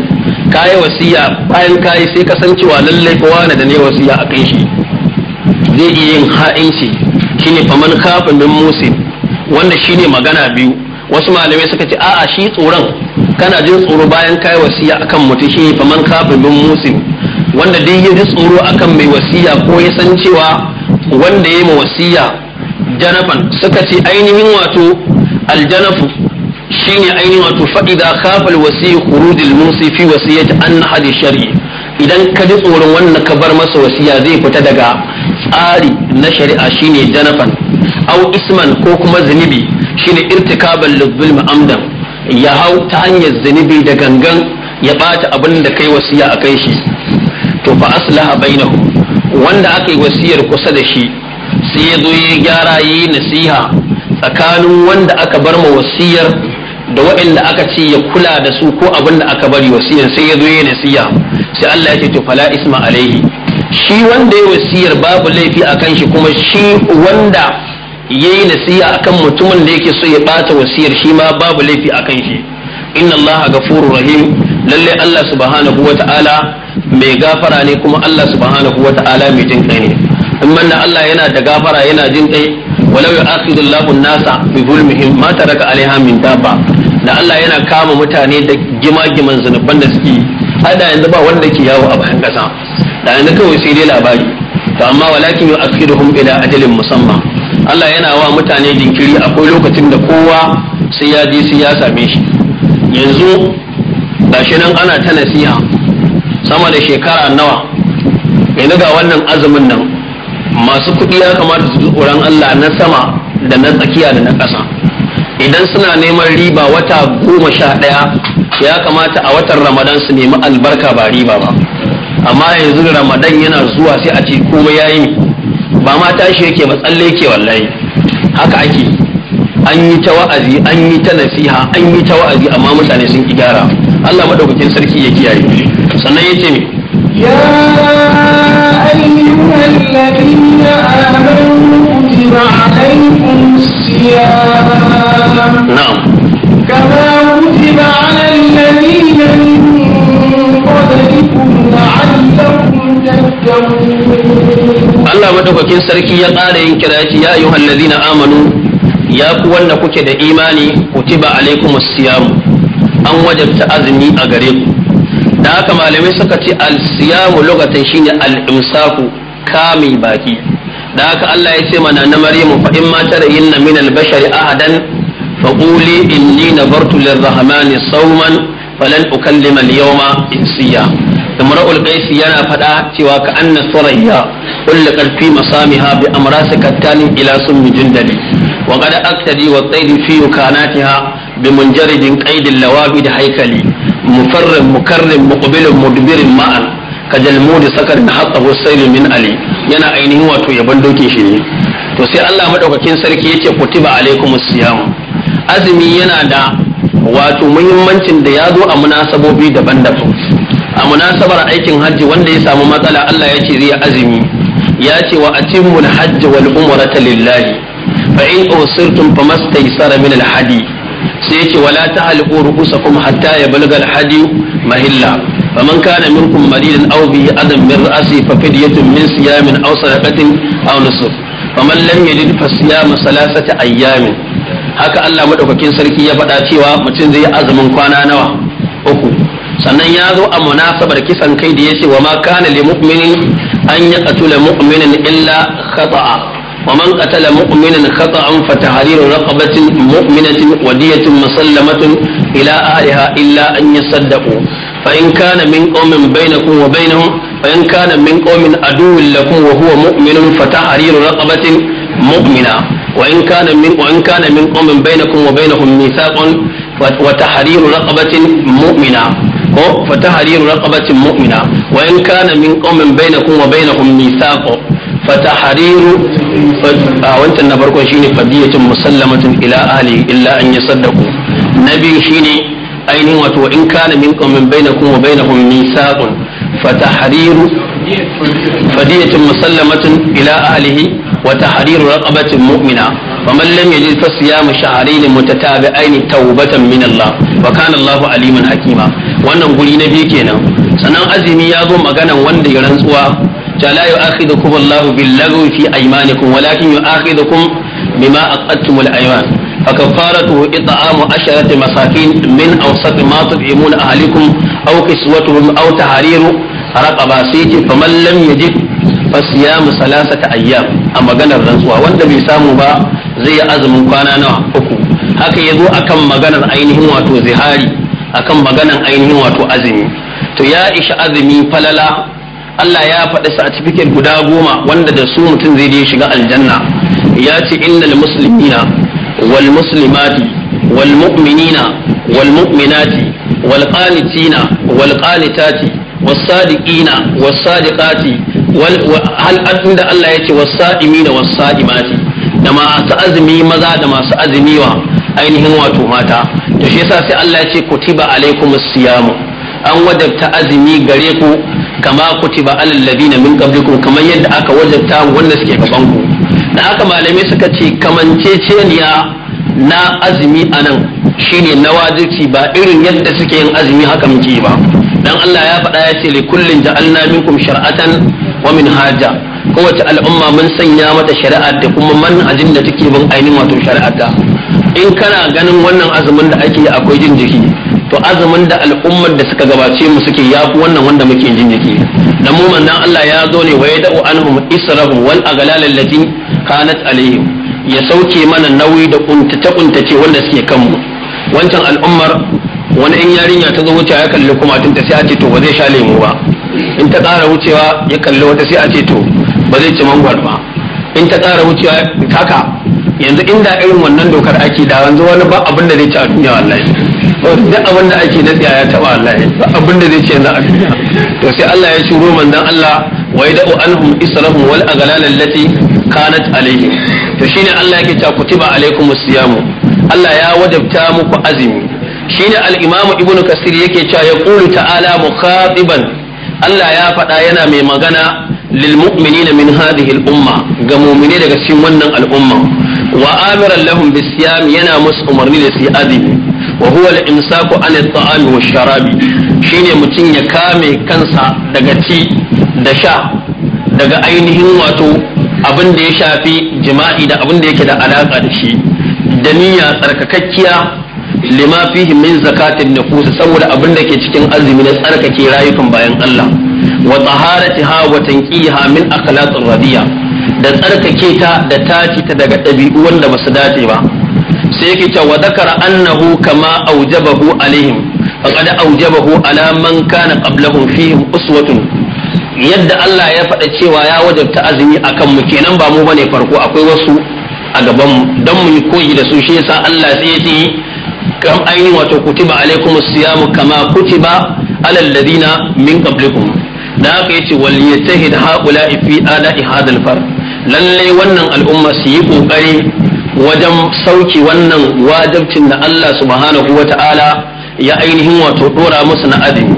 kayi wasiya bayan kayi sai kasancewa lallai kowa wani da ne wasiya a kai shi zai iya yin ha'inci shine faman kafa min musin wanda shine magana biyu wasu malamai suka ce a'a shi tsoron kana jin tsoro bayan kayi wasiya akan mutum shine faman kafa min musin wanda dai ya ji tsoro akan mai wasiya ko ya san cewa wanda ya yi wasiya janafan suka ce ainihin wato aljanafu shine ainihin wato fa'ida khafal wasi khurujul musi fi wasiyati an hadi shar'i idan ka ji tsoron wannan ka bar masa wasiya zai fita daga tsari na shari'a shine janafan au isman ko kuma zunubi shine irtikaban lizbul amdan ya hau ta hanyar zunubi da gangan ya bata abin da kai wasiya a kai shi to fa aslaha bainahum wanda aka yi wasiyar kusa da shi sai ya zo ya gyara yi nasiha tsakanin wanda aka bar ma wasiyar da waɗanda aka ce ya kula da su ko abin da aka bari wasiyar sai ya zo ya nasiha sai Allah ya ce to fala isma alaihi shi wanda ya wasiyar babu laifi akan shi kuma shi wanda yayi nasiha akan mutumin da yake so ya bata wasiyar shi ma babu laifi akan shi inna Allah gafurur rahim lallai Allah subhanahu wata'ala mai gafara ne kuma Allah subhanahu ta'ala mai jin kai ne in manna Allah yana da gafara yana jin kai walau yu'akhidu an-nasa bi zulmihim ma taraka alaiha min dabba da Allah yana kama mutane da gima-giman zunuban da suke Hada yanzu ba wanda ke yawo a bayan kasa da yanzu kawai sai dai labari to amma walakin yu'akhiduhum ila ajalin musamman Allah yana wa mutane jinkiri akwai lokacin da kowa sai ya je sai ya same shi yanzu shi nan ana ta nasiha sama da shekara nawa yanzu ga wannan azumin nan masu kuɗi ya kamata su tsoron Allah na sama da na tsakiya da na ƙasa idan suna neman riba wata goma sha ɗaya ya kamata a watan ramadan su nemi albarka ba riba ba amma yanzu ramadan yana zuwa sai a ce komai yayi ba ma tashi yake ba tsalle yake wallahi haka ake an yi ta wa'azi an yi ta nasiha an yi ta wa'azi amma mutane sun ki gyara Allah madaukakin sarki ya kiyaye sannan ya yace me ya ayyuhal ladina amanu kutiba alaykum siyam na'am kama kutiba alal ladina min qablikum la'allakum tattaqun Allah madaukakin sarki ya ƙara yin kiraci ya ayyuhal ladina amanu ya ku wanda kuke da imani kutiba alaikumus siyamu an wajabta azumi a gare ku da haka malamai suka ce al-siyamu lokacin shine al-imsaku kame baki da haka Allah ya ce mana na Maryamu fa in ma tarayinna min al-bashari ahadan fa quli inni nabartu lir-rahmani sawman falan ukallima al-yawma insiya imra'ul qais yana fada cewa ka anna surayya kullu qalbi masamiha bi amrasika kattani ila summi jindali وقد أكتدي والطير في يكاناتها بمنجرد قيد اللوابد هيكلي مفر مكرر مقبل مدبر معا كجلمود سكر حطه السير من علي ينا عينه واتو يبندوكي شيء to sai Allah madaukakin sarki yace kutiba alaikum siyam azumi yana da wato muhimmancin da ya zo a munasabobi daban-daban a munasabar aikin hajji wanda ya samu matsala Allah ya ce zai azumi ya ce wa atimul hajji wal umrata lillahi fa in usirtum famastaysara min al-hadi sai yace wala ta'alqu ru'usakum hatta yablugha al-hadi mahilla faman kana minkum maridan aw bihi adam min ra'si fa fidyatun min siyamin aw sadaqatin aw nusuk faman lam yajid fa siyamu ayyamin haka Allah madaukakin sarki ya faɗa cewa mutum zai yi azumin kwana nawa uku sannan ya zo a munasabar kisan kai da ya ce wa ma kana lil mu'minin an yaqtula mu'minin illa khata'a ومن قتل مؤمنا خطأ فتحرير رقبة مؤمنة ودية مسلمة إلى أهلها إلا أن يصدقوا فإن كان من قوم بينكم وبينهم فإن كان من قوم عدو لكم وهو مؤمن فتحرير رقبة مؤمنة وإن كان من وإن كان من قوم بينكم وبينهم ميثاق وتحرير رقبة مؤمنة فتحرير رقبة مؤمنة وإن كان من قوم بينكم وبينهم ميثاق fatahariru a wancan na farko shine fadiyatun musallamatun ila ahli illa an yasaddaqu nabi shine ainihin wato in kana min qaumin bainakum wa bainahum mithaqun fatahariru fadiyatun musallamatun ila ahlihi wa tahriru raqabatin mu'mina ومن لم يجد فصيام شهرين متتابعين توبة من الله وكان الله aliman hakima wannan guri na biyu kenan sannan azumi ya zo maganan wanda ya rantsuwa ta la yu'akhidukum Allahu bil lagwi fi aymanikum walakin yu'akhidukum bima فكفارته إطعام عشرة مساكين من أوسط ما تطعمون أهلكم أو كسوتهم أو تحرير رقبة سيتي فمن لم يجد فصيام ثلاثة أيام أما قال الرسول وأنت بيسامو با زي أزم كان أنا أكو haka ya zo akan maganar ainihin wato zihari akan maganar ainihin wato azumi to ya isha azumi falala Allah ya faɗi certificate guda goma wanda da su mutum zai je shiga aljanna ya ce innal muslimina wal muslimati wal mu'minina wal mu'minati wal qanitina wal qanitati was sadiqina was sadiqati wal hal da Allah ya ce was sa'imina was sa'imati da masu azumi maza da masu azumiwa ainihin wato mata da shi yasa sai Allah ya ce kutiba alaikumus siyamu an wadabta azumi gare ku kama kutiba alal ladina min qablikum kamar yadda aka wajabta wanda suke gaban ku da haka malamai suka ce kamanceceniya na azumi anan shine na wajibi ba irin yadda suke yin azumi haka muke ba dan Allah ya faɗa ya ce kullin ja'alna minkum shar'atan wa minhaja kowace al'umma mun sanya mata shari'a da kuma manhajin da take bin ainihin wato shari'ata in kana ganin wannan azumin da ake yi akwai jin jiki to azumin da al'ummar da suka gabace mu suke ya fi wannan wanda muke jin yake dan mu manzon Allah ya zo ne wa yad'u anhum israhum wal aghlal allati kanat alaihim ya sauke mana nauyi da kuntata kuntace wanda suke kanmu wancan al'ummar wani in yarinya ta zo wuce ya kalli kuma tun ta sai a ce to ba zai sha lemu ba in ta ƙara wucewa ya kalli wata sai a ce to ba zai ci mangwal ba in ta ƙara wucewa haka yanzu inda irin wannan dokar ake da yanzu wani ba abin da zai ci a duniya wallahi saboda duk abin da ake nadi ya taba Allah ba abin da zai ce na duniya to sai Allah ya shiro manzon Allah wa da'u anhum israhum wal aghlal allati kanat alayhi to shine Allah yake ta kutiba alaikum mu. Allah ya wajabta muku azumi shine al-imamu ibnu kasir yake cewa ya qulu ta'ala mukhatiban Allah ya faɗa yana mai magana lil mu'minina min hadhihi al-umma ga mu'mine daga cikin wannan al'umma wa amiran lahum bis yana musu umarni da su azumi wa huwa al-imsaku an at-ta'ami wa sharabi shine mutum ya kame kansa daga ci da sha daga ainihin wato abin da ya shafi jima'i da abin da yake da alaka da shi da niyya tsarkakakkiya lima fihi min zakatin nufus saboda abin da ke cikin azumi na tsarkake rayukan bayan Allah wa taharatiha wa tanqiha min akhlaqir radiya da tsarkake ta da tacita ta daga ɗabi'u wanda ba su dace ba sai yake cewa wa zakara annahu kama aujabahu alaihim faqad aujabahu ala man kana qablahum fihim uswatun yadda Allah ya faɗa cewa ya wajabta azumi akan mu kenan ba mu bane farko akwai wasu a gaban mu dan mu yi koyi da su shi yasa Allah sai ya ce kam ainihin wato kutiba alaikumus mu kama kutiba alal ladina min qablikum da haka yace wal yatahid haula fi ala hadal far lalle wannan al'umma su yi kokari wajen sauki wannan wajabcin da Allah subhanahu wa ta'ala ya ainihin wato dora musu na azumi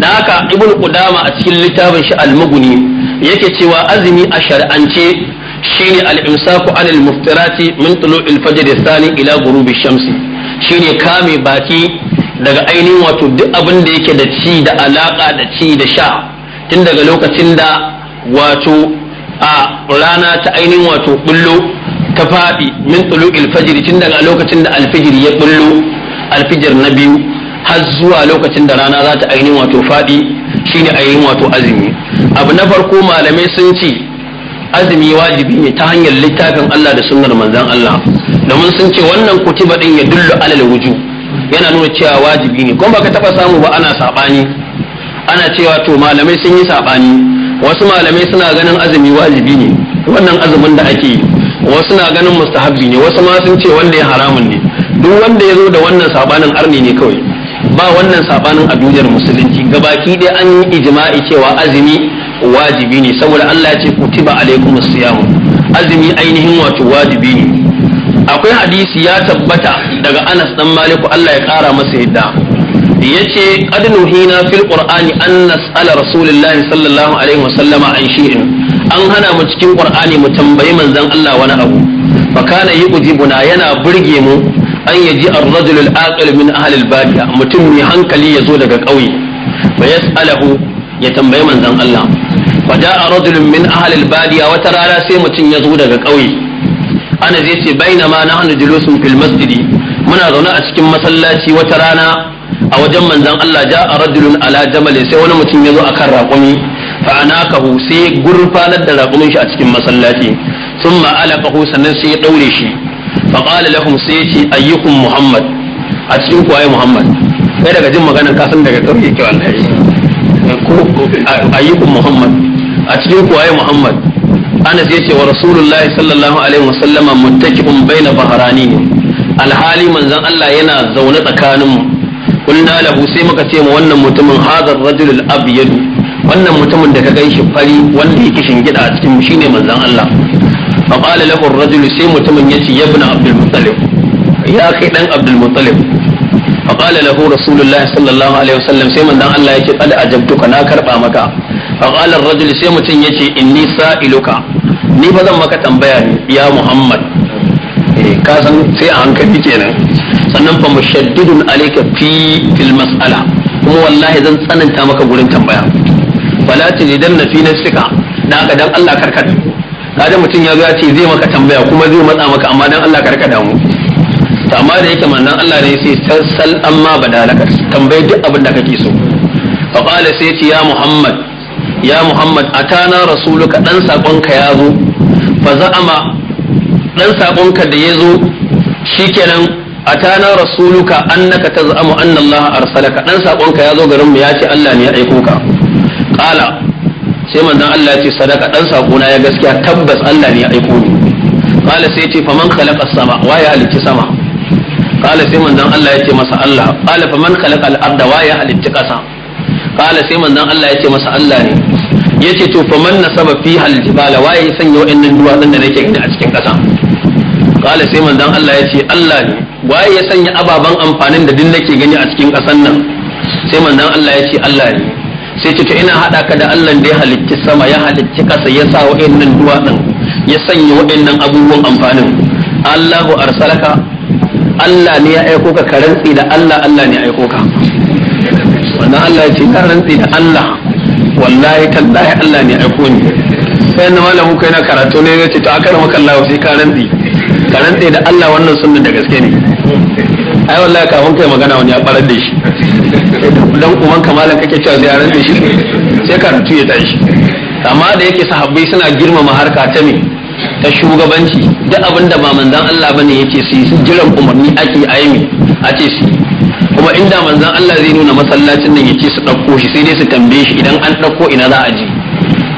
da haka ibn qudama a cikin littafin shi al muguni yake cewa azumi a shar'ance shine al-imsaku anil muftirati min tulu'il fajr thani ila ghurubi shamsi shine kame baki daga ainihin wato duk abin da yake da ci da alaka da ci da sha tun daga lokacin da wato a rana ta ainihin wato bullo ta faɗi min tsulu'il fajiri tun daga lokacin da alfijiri ya bullo alfijir na biyu har zuwa lokacin da rana za ta ainihin wato faɗi shine ainihin wato azumi abu na farko malamai sun ce azumi wajibi ne ta hanyar littafin Allah da sunnar manzon Allah domin sun ce wannan kutuba din ya dullu alal wuju yana nuna cewa wajibi ne kuma baka taba samu ba ana sabani ana cewa to malamai sun yi sabani wasu malamai suna ganin azumi wajibi ne wannan azumin da ake yi wasu na ganin mustahabbi ne wasu ma sun ce wanda ya haramun ne duk wanda ya zo da wannan sabanin arni ne kawai ba wannan sabanin a duniyar musulunci gabaki dai an yi ijma'i cewa azumi wajibi ne saboda Allah ya ce kutiba alaikum siyamu azumi ainihin wato wajibi ne akwai hadisi ya tabbata daga Anas dan Maliku Allah ya kara masa yadda yace ce nuhina fil qur'ani an nas'ala rasulullahi sallallahu alaihi wasallama an shi'in an hana mu cikin qur'ani mu tambayi manzon Allah wani abu fa kana yujibuna yana burge mu an yaji ar-rajul al-aqil min ahli al mutum mai hankali yazo daga kauye fa yas'alahu ya tambayi manzon Allah fa ja'a rajulun min ahli al-badiya wata rana sai mutum yazo daga kauye ana zai ce bainama nahnu julusun fil masjidi muna zaune a cikin masallaci wata rana a wajen manzan Allah ja'a rajulun ala jamalin sai wani mutum ya zo a kan raƙumi fa kahu sai gurfanar da raƙumin shi a cikin masallaci sun thumma alaqahu sannan sai ya ɗaure shi fa qala lahum sai ya ce ayyukun muhammad a cikin kuwaye muhammad sai daga jin maganar ka san daga ƙauye ke wallahi ayyukun muhammad a cikin kuwaye muhammad ana anas yace wa rasulullahi sallallahu alaihi wasallama muttaki'un baina baharani alhali manzan Allah yana zaune tsakaninmu. kunna lahu sai muka ce ma wannan mutumin hazar rajulul abyad wannan mutumin da ka gan shi fari wanda yake shingida a cikin shine manzon Allah fa qala lahu ar-rajul sai mutumin ya ya yabna abdul muttalib ya kai dan abdul muttalib fa qala lahu rasulullahi sallallahu alaihi wasallam sai manzon Allah ya ce qad ajabtuka na karba maka fa qala ar-rajul sai mutum ya yace inni sa'iluka ni ba zan maka tambaya ne ya muhammad eh, ka san sai a hankali kenan sannan fa mushaddidun alayka fi fil mas'ala kuma wallahi zan tsananta maka gurin tambaya fala tajidanna fi nafsika dan haka dan Allah karkada kada mutum ya ga ce zai maka tambaya kuma zai matsa maka amma dan Allah karkada mu to amma da yake manzon Allah ne sai sal amma badalaka tambaye duk abin da kake so fa qala sai ce ya muhammad ya muhammad atana rasuluka dan sakonka ya zo fa za'ama dan sakonka da ya zo shikenan atana rasuluka annaka tazamu anna Allah arsalaka dan sakon ka yazo garin mu yace Allah ne ya aiko ka qala sai manzon Allah ya ce sadaka dan sako ya gaskiya tabbas Allah ne ya aiko ni qala sai ya ce faman khalaqa sama wa ya halicci sama qala sai manzon Allah ya ce masa Allah qala faman khalaqa al-arda wa ya halicci kasa qala sai manzon Allah ya ce masa Allah ne yace to faman nasaba fi al-jibala wa ya sanya wa'annan duwatsun da nake gani a cikin kasa qala sai manzon Allah ya ce Allah ne waye ya sanya ababen amfanin da din nake gani a cikin ƙasan nan sai manzon Allah ya ce Allah ne sai ce to ina hada ka da Allah da ya halicci sama ya halicci ƙasa ya sa wa'annan duwatsun ya sanya wa'annan abubuwan amfanin Allahu arsalaka Allah ne ya aiko ka karantsi da Allah Allah ne ya aiko ka wannan Allah ya ce karantsi da Allah wallahi tallahi Allah ne ya aiko ni sai na malamu kai na karatu ne ya ce to aka rama kallahu sai karantsi karanta da Allah wannan sunnan da gaske ne ai wallahi kafin kai magana wani ya barar da shi dan kuman kamalan kake cewa zai ran da shi sai karatu ya tashi amma da yake sahabbai suna girmama harka ta me ta shugabanci duk abin da ba manzon Allah bane yake su yi jiran umarni ake aimi a ce su kuma inda manzon Allah zai nuna masallacin nan ce su ɗauko shi sai dai su tambaye shi idan an ɗauko ina za a je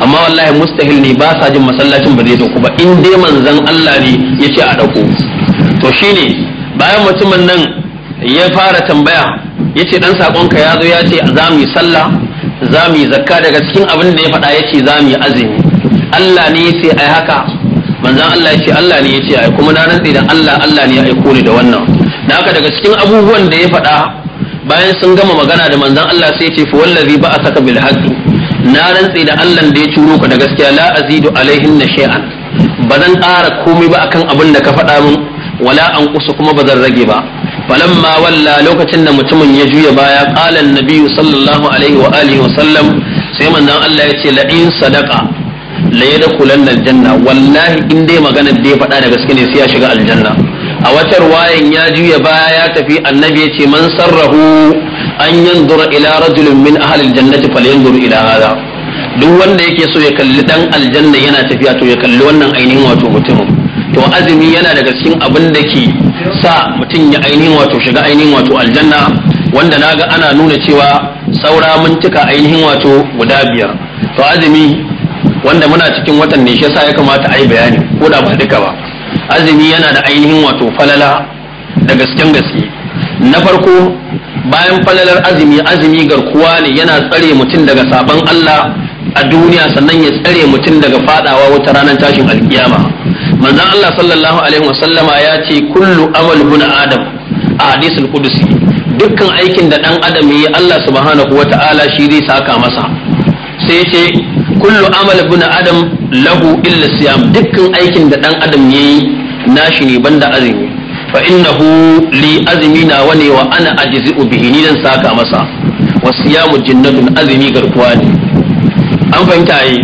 amma wallahi mustahil ne ba sa jin masallacin ba zai dauko ba in dai manzon Allah ne ya ce a dauko to shine bayan mutumin nan ya fara tambaya ya ce dan sakonka ya zo ya ce za mu yi sallah za mu yi zakka daga cikin abin da ya faɗa ya ce za mu yi azumi Allah ne ya ai haka manzon Allah ya Allah ne ya ce ai kuma na rantsi dan Allah Allah ne ya aiko ni da wannan da haka daga cikin abubuwan da ya faɗa bayan sun gama magana da manzon Allah sai ya ce fa wallazi ba a bil haqqi na rantse da Allah da ya ciro ka da gaskiya la azidu alaihin na shay'an ba zan ƙara komai ba akan abin da ka faɗa min wala an kusa kuma ba zan rage ba ma walla lokacin da mutumin ya juya baya qala nabiyyu sallallahu alaihi wa alihi wa sallam sai manzon Allah ya ce la in sadaqa la yadkhulan aljanna wallahi in dai maganar da ya faɗa da gaske ne sai ya shiga aljanna a wata ruwayan ya juya baya ya tafi annabi ya ce man sarrahu an yanzura ila rajulin min ahli aljannati falyanzur ila hada duk wanda yake so ya kalli dan aljanna yana tafiya to ya kalli wannan ainihin wato mutumin to azumi yana daga cikin abin da ke sa mutum ya ainihin wato shiga ainihin wato aljanna wanda naga ana nuna cewa saura mintuka ainihin wato guda biyar to azumi wanda muna cikin watan ne shi yasa ya kamata a yi bayani ko da ba duka ba azumi yana da ainihin wato falala da gasken gaske na farko bayan falalar azumi azumi garkuwa ne yana tsare mutum daga sabon Allah a duniya sannan ya tsare mutum daga fadawa wata ranar tashin alkiyama manzon Allah sallallahu alaihi wasallama ya ce kullu amal buna adam a hadisul qudusi dukkan aikin da dan adam yi Allah subhanahu wata'ala shi zai saka masa sai ce kullu amal buna adam lahu illa siyam dukkan aikin da ɗan adam yi, nashi ne banda azumi fa innahu li azmi na wani wa ana ajzi'u bihi ni dan saka masa wa siyamu jinnatun azmi garkuwa ne an fahimta yi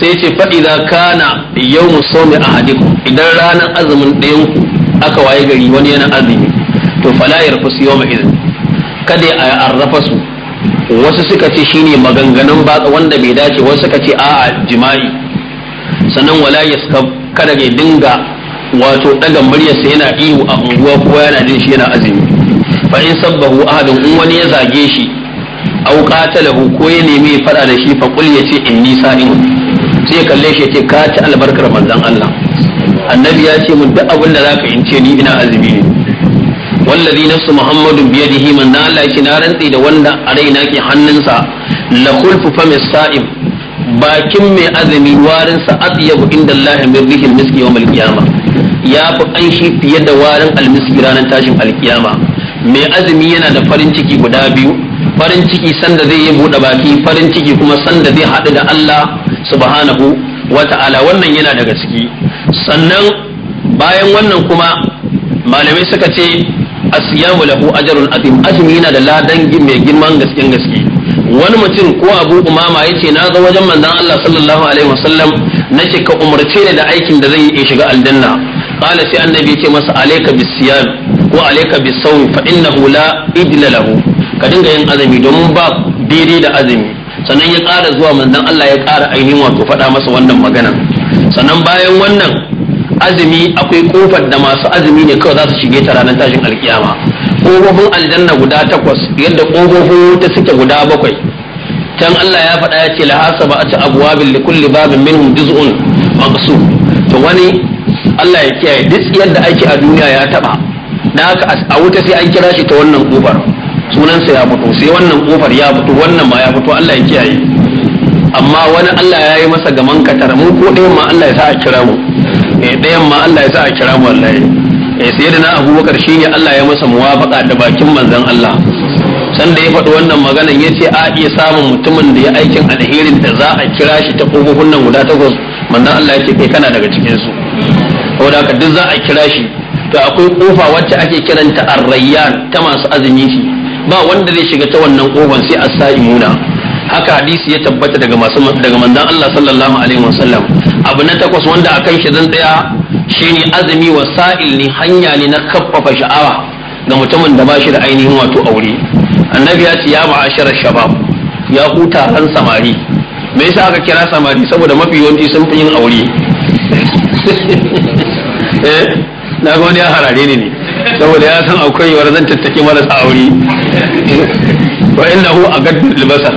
sai ce fa idza kana yawmu sawmi ahadikum idan ranar azumin ɗayan ku aka waye gari wani yana azumi to fala yarfasu yawma idin kada ya arrafa su wasu suka ce shine maganganun batsa wanda bai dace wasu suka ce a'a jima'i sannan wala yaskab kada ya dinga wato daga muryarsa yana ihu a unguwa kowa yana jin shi yana azumi fa in sabbahu ahadun in wani ya zage shi aw qatalahu ko ya nemi ya fada da shi fa qul yace inni sa'in sai kalle shi yace ka ci albarkar manzon Allah annabi ya ce mun duk abin da zaka in ce ni ina azumi ne wallazi nafsu muhammadu biyadihi man na Allah yake na rantsi da wanda a raina ke hannunsa la khulfu famis sa'im bakin mai azumi warinsa atyabu inda Allah min rihil miski yawmal qiyamah ya fi ƙanshi fiye da warin almiski ranar tashin alkiyama mai azumi yana da farin ciki guda biyu farin ciki sanda zai yi buɗe baki farin ciki kuma sanda zai haɗu da Allah subhanahu wa ta'ala wannan yana daga ciki sannan bayan wannan kuma malamai suka ce a asiyamu lahu ajrun azim azumi yana da ladan mai girman gaske gaske wani mutum ko abu umama ya ce na ga wajen manzon Allah sallallahu alaihi wasallam na ce ka umarce ni da aikin da zan yi shiga aljanna qala sai annabi ya ce masa alayka bisiyam ko alayka bisawm fa innahu la idla lahu ka dinga yin azumi domin ba daidai da azumi sannan ya kara zuwa manzon Allah ya kara ainihin wato faɗa masa wannan magana sannan bayan wannan azumi akwai kofar da masu azumi ne kawai za su shige ta ranar tashin alkiyama ƙofofin aljanna guda takwas yadda ƙofofin wuta suke guda bakwai can Allah ya faɗa ya ce la hasaba ci abuwa li kulli babin min juz'un maqsum to wani Allah ya kiyaye duk yadda ake a duniya ya taba na haka a wuta sai an kira shi ta wannan kofar sunansa ya fito sai wannan kofar ya fito wannan ma ya fito Allah ya kiyaye amma wani Allah ya yi masa gaman katar mu ko ɗayan ma Allah ya sa a kira mu eh, ɗayan ma Allah ya sa a kira mu wallahi da eh, sayyidina abubakar ne, Allah ya masa muwafaqa da bakin manzan Allah sanda ya faɗi wannan maganan ce a iya samun mutumin da ya aikin alherin da za a kira shi ta kofofin nan guda takwas manzon Allah ya ce kai kana daga cikin su saboda ka duk za a kira shi to akwai kofa wacce ake kiranta arrayyan ta masu azumi ce ba wanda zai shiga ta wannan kofan sai as-sa'imuna haka hadisi ya tabbata daga masu daga manzon Allah sallallahu alaihi wasallam abu na takwas wanda akan shi zan tsaya Shi ne azumi wa sa’il ne hanya ne na kaffafa sha'awa ga mutumin da ba shi da ainihin wato aure annabi ya ce ya ma'ashara shabab ya huta ran samari me yasa aka kira samari saboda mafi yawanci sun fi yin aure eh, na ga wani ya harare ne ne saboda ya san akwai yawar zan tattake marasa aure wa hu a gaddul basar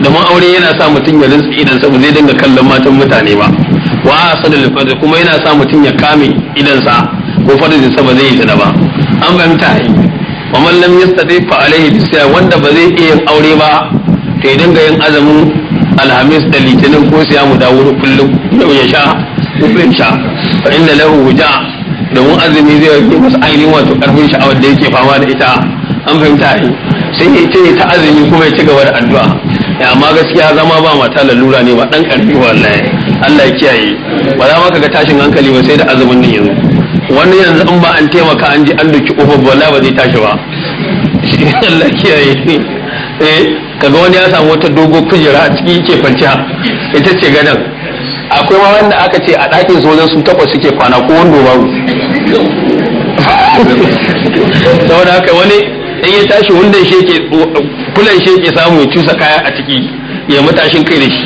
domin aure yana sa mutum ya rinsa idan saboda zai dinga kallon matan mutane ba wa asalul fadl kuma yana sa mutum ya kame idansa ko fadlin sa ba zai yi zina ba an fahimta yi wa man lam yastati fa alaihi bisiyam wanda ba zai iya aure ba to ya dinga yin azumin alhamis da litinin ko sai mu dawo kullum yau ya sha kullum sha fa inna lahu wuja domin azumi zai yi masa ainihin wato karfin sha'awar da yake fama da ita an fahimta yi sai ya ce ta azumi kuma ya ci gaba da addu'a amma gaskiya zama ba mata lalura ne ba dan karfi wallahi Allah ya kiyaye ba za ma ka ga tashin hankali ba sai da azumin nan yanzu wani yanzu in ba an taimaka an ji an duki ƙofar wallahi ba zai tashi ba Allah kiyaye eh kaga wani ya samu wata dogo kujera a ciki yake kwanciya ita ce gadan akwai ma wanda aka ce a ɗakin su wajen su takwas suke kwana ko wando babu saboda haka wani in ya tashi wanda shi yake kulan shi yake samu ya cusa kaya a ciki ya matashin kai da shi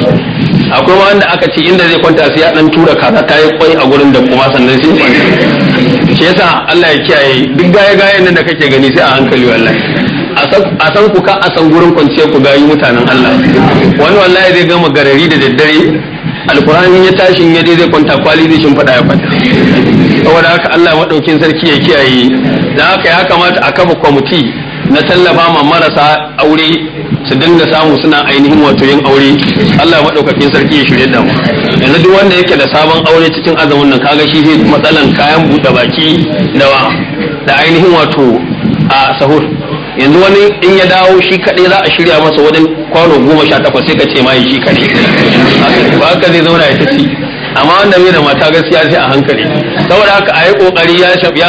akwai wanda aka ce inda zai kwanta sai ya dan tura kaza ta yi kwai a gurin da kuma sannan sai kwanta shi yasa Allah ya kiyaye duk gaya gayen nan da kake gani sai a hankali wallahi a san ku ka a san gurin kwanciyar ku gayi mutanen Allah wani wallahi zai gama garari da daddare alkurani ya tashin ya zai kwanta kwali zai shin fada ya kwanta saboda haka Allah madaukin sarki ya kiyaye da haka ya kamata a kafa kwamiti na tallafa ma marasa aure su dinga samu suna ainihin wato yin aure Allah madaukakin sarki ya shirye da mu yanzu duk wanda yake da sabon aure cikin azumin nan kaga shi zai matsalan kayan buɗe baki da da ainihin wato a sahur yanzu wani in ya dawo shi kaɗai za a shirya masa wajen kwano goma sha takwas sai ka ce mai shi kaɗai ba haka zai zauna ya tafi. amma wanda bai da mata gaskiya sai a hankali saboda haka a yi kokari ya shab ya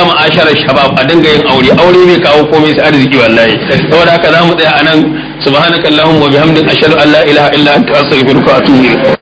shabab a dinga yin aure aure bai kawo komai sai arziki wallahi saboda haka za mu tsaya anan subhanakallahumma wa bihamdika ashhadu an la ilaha illa anta astaghfiruka wa atubu ilayk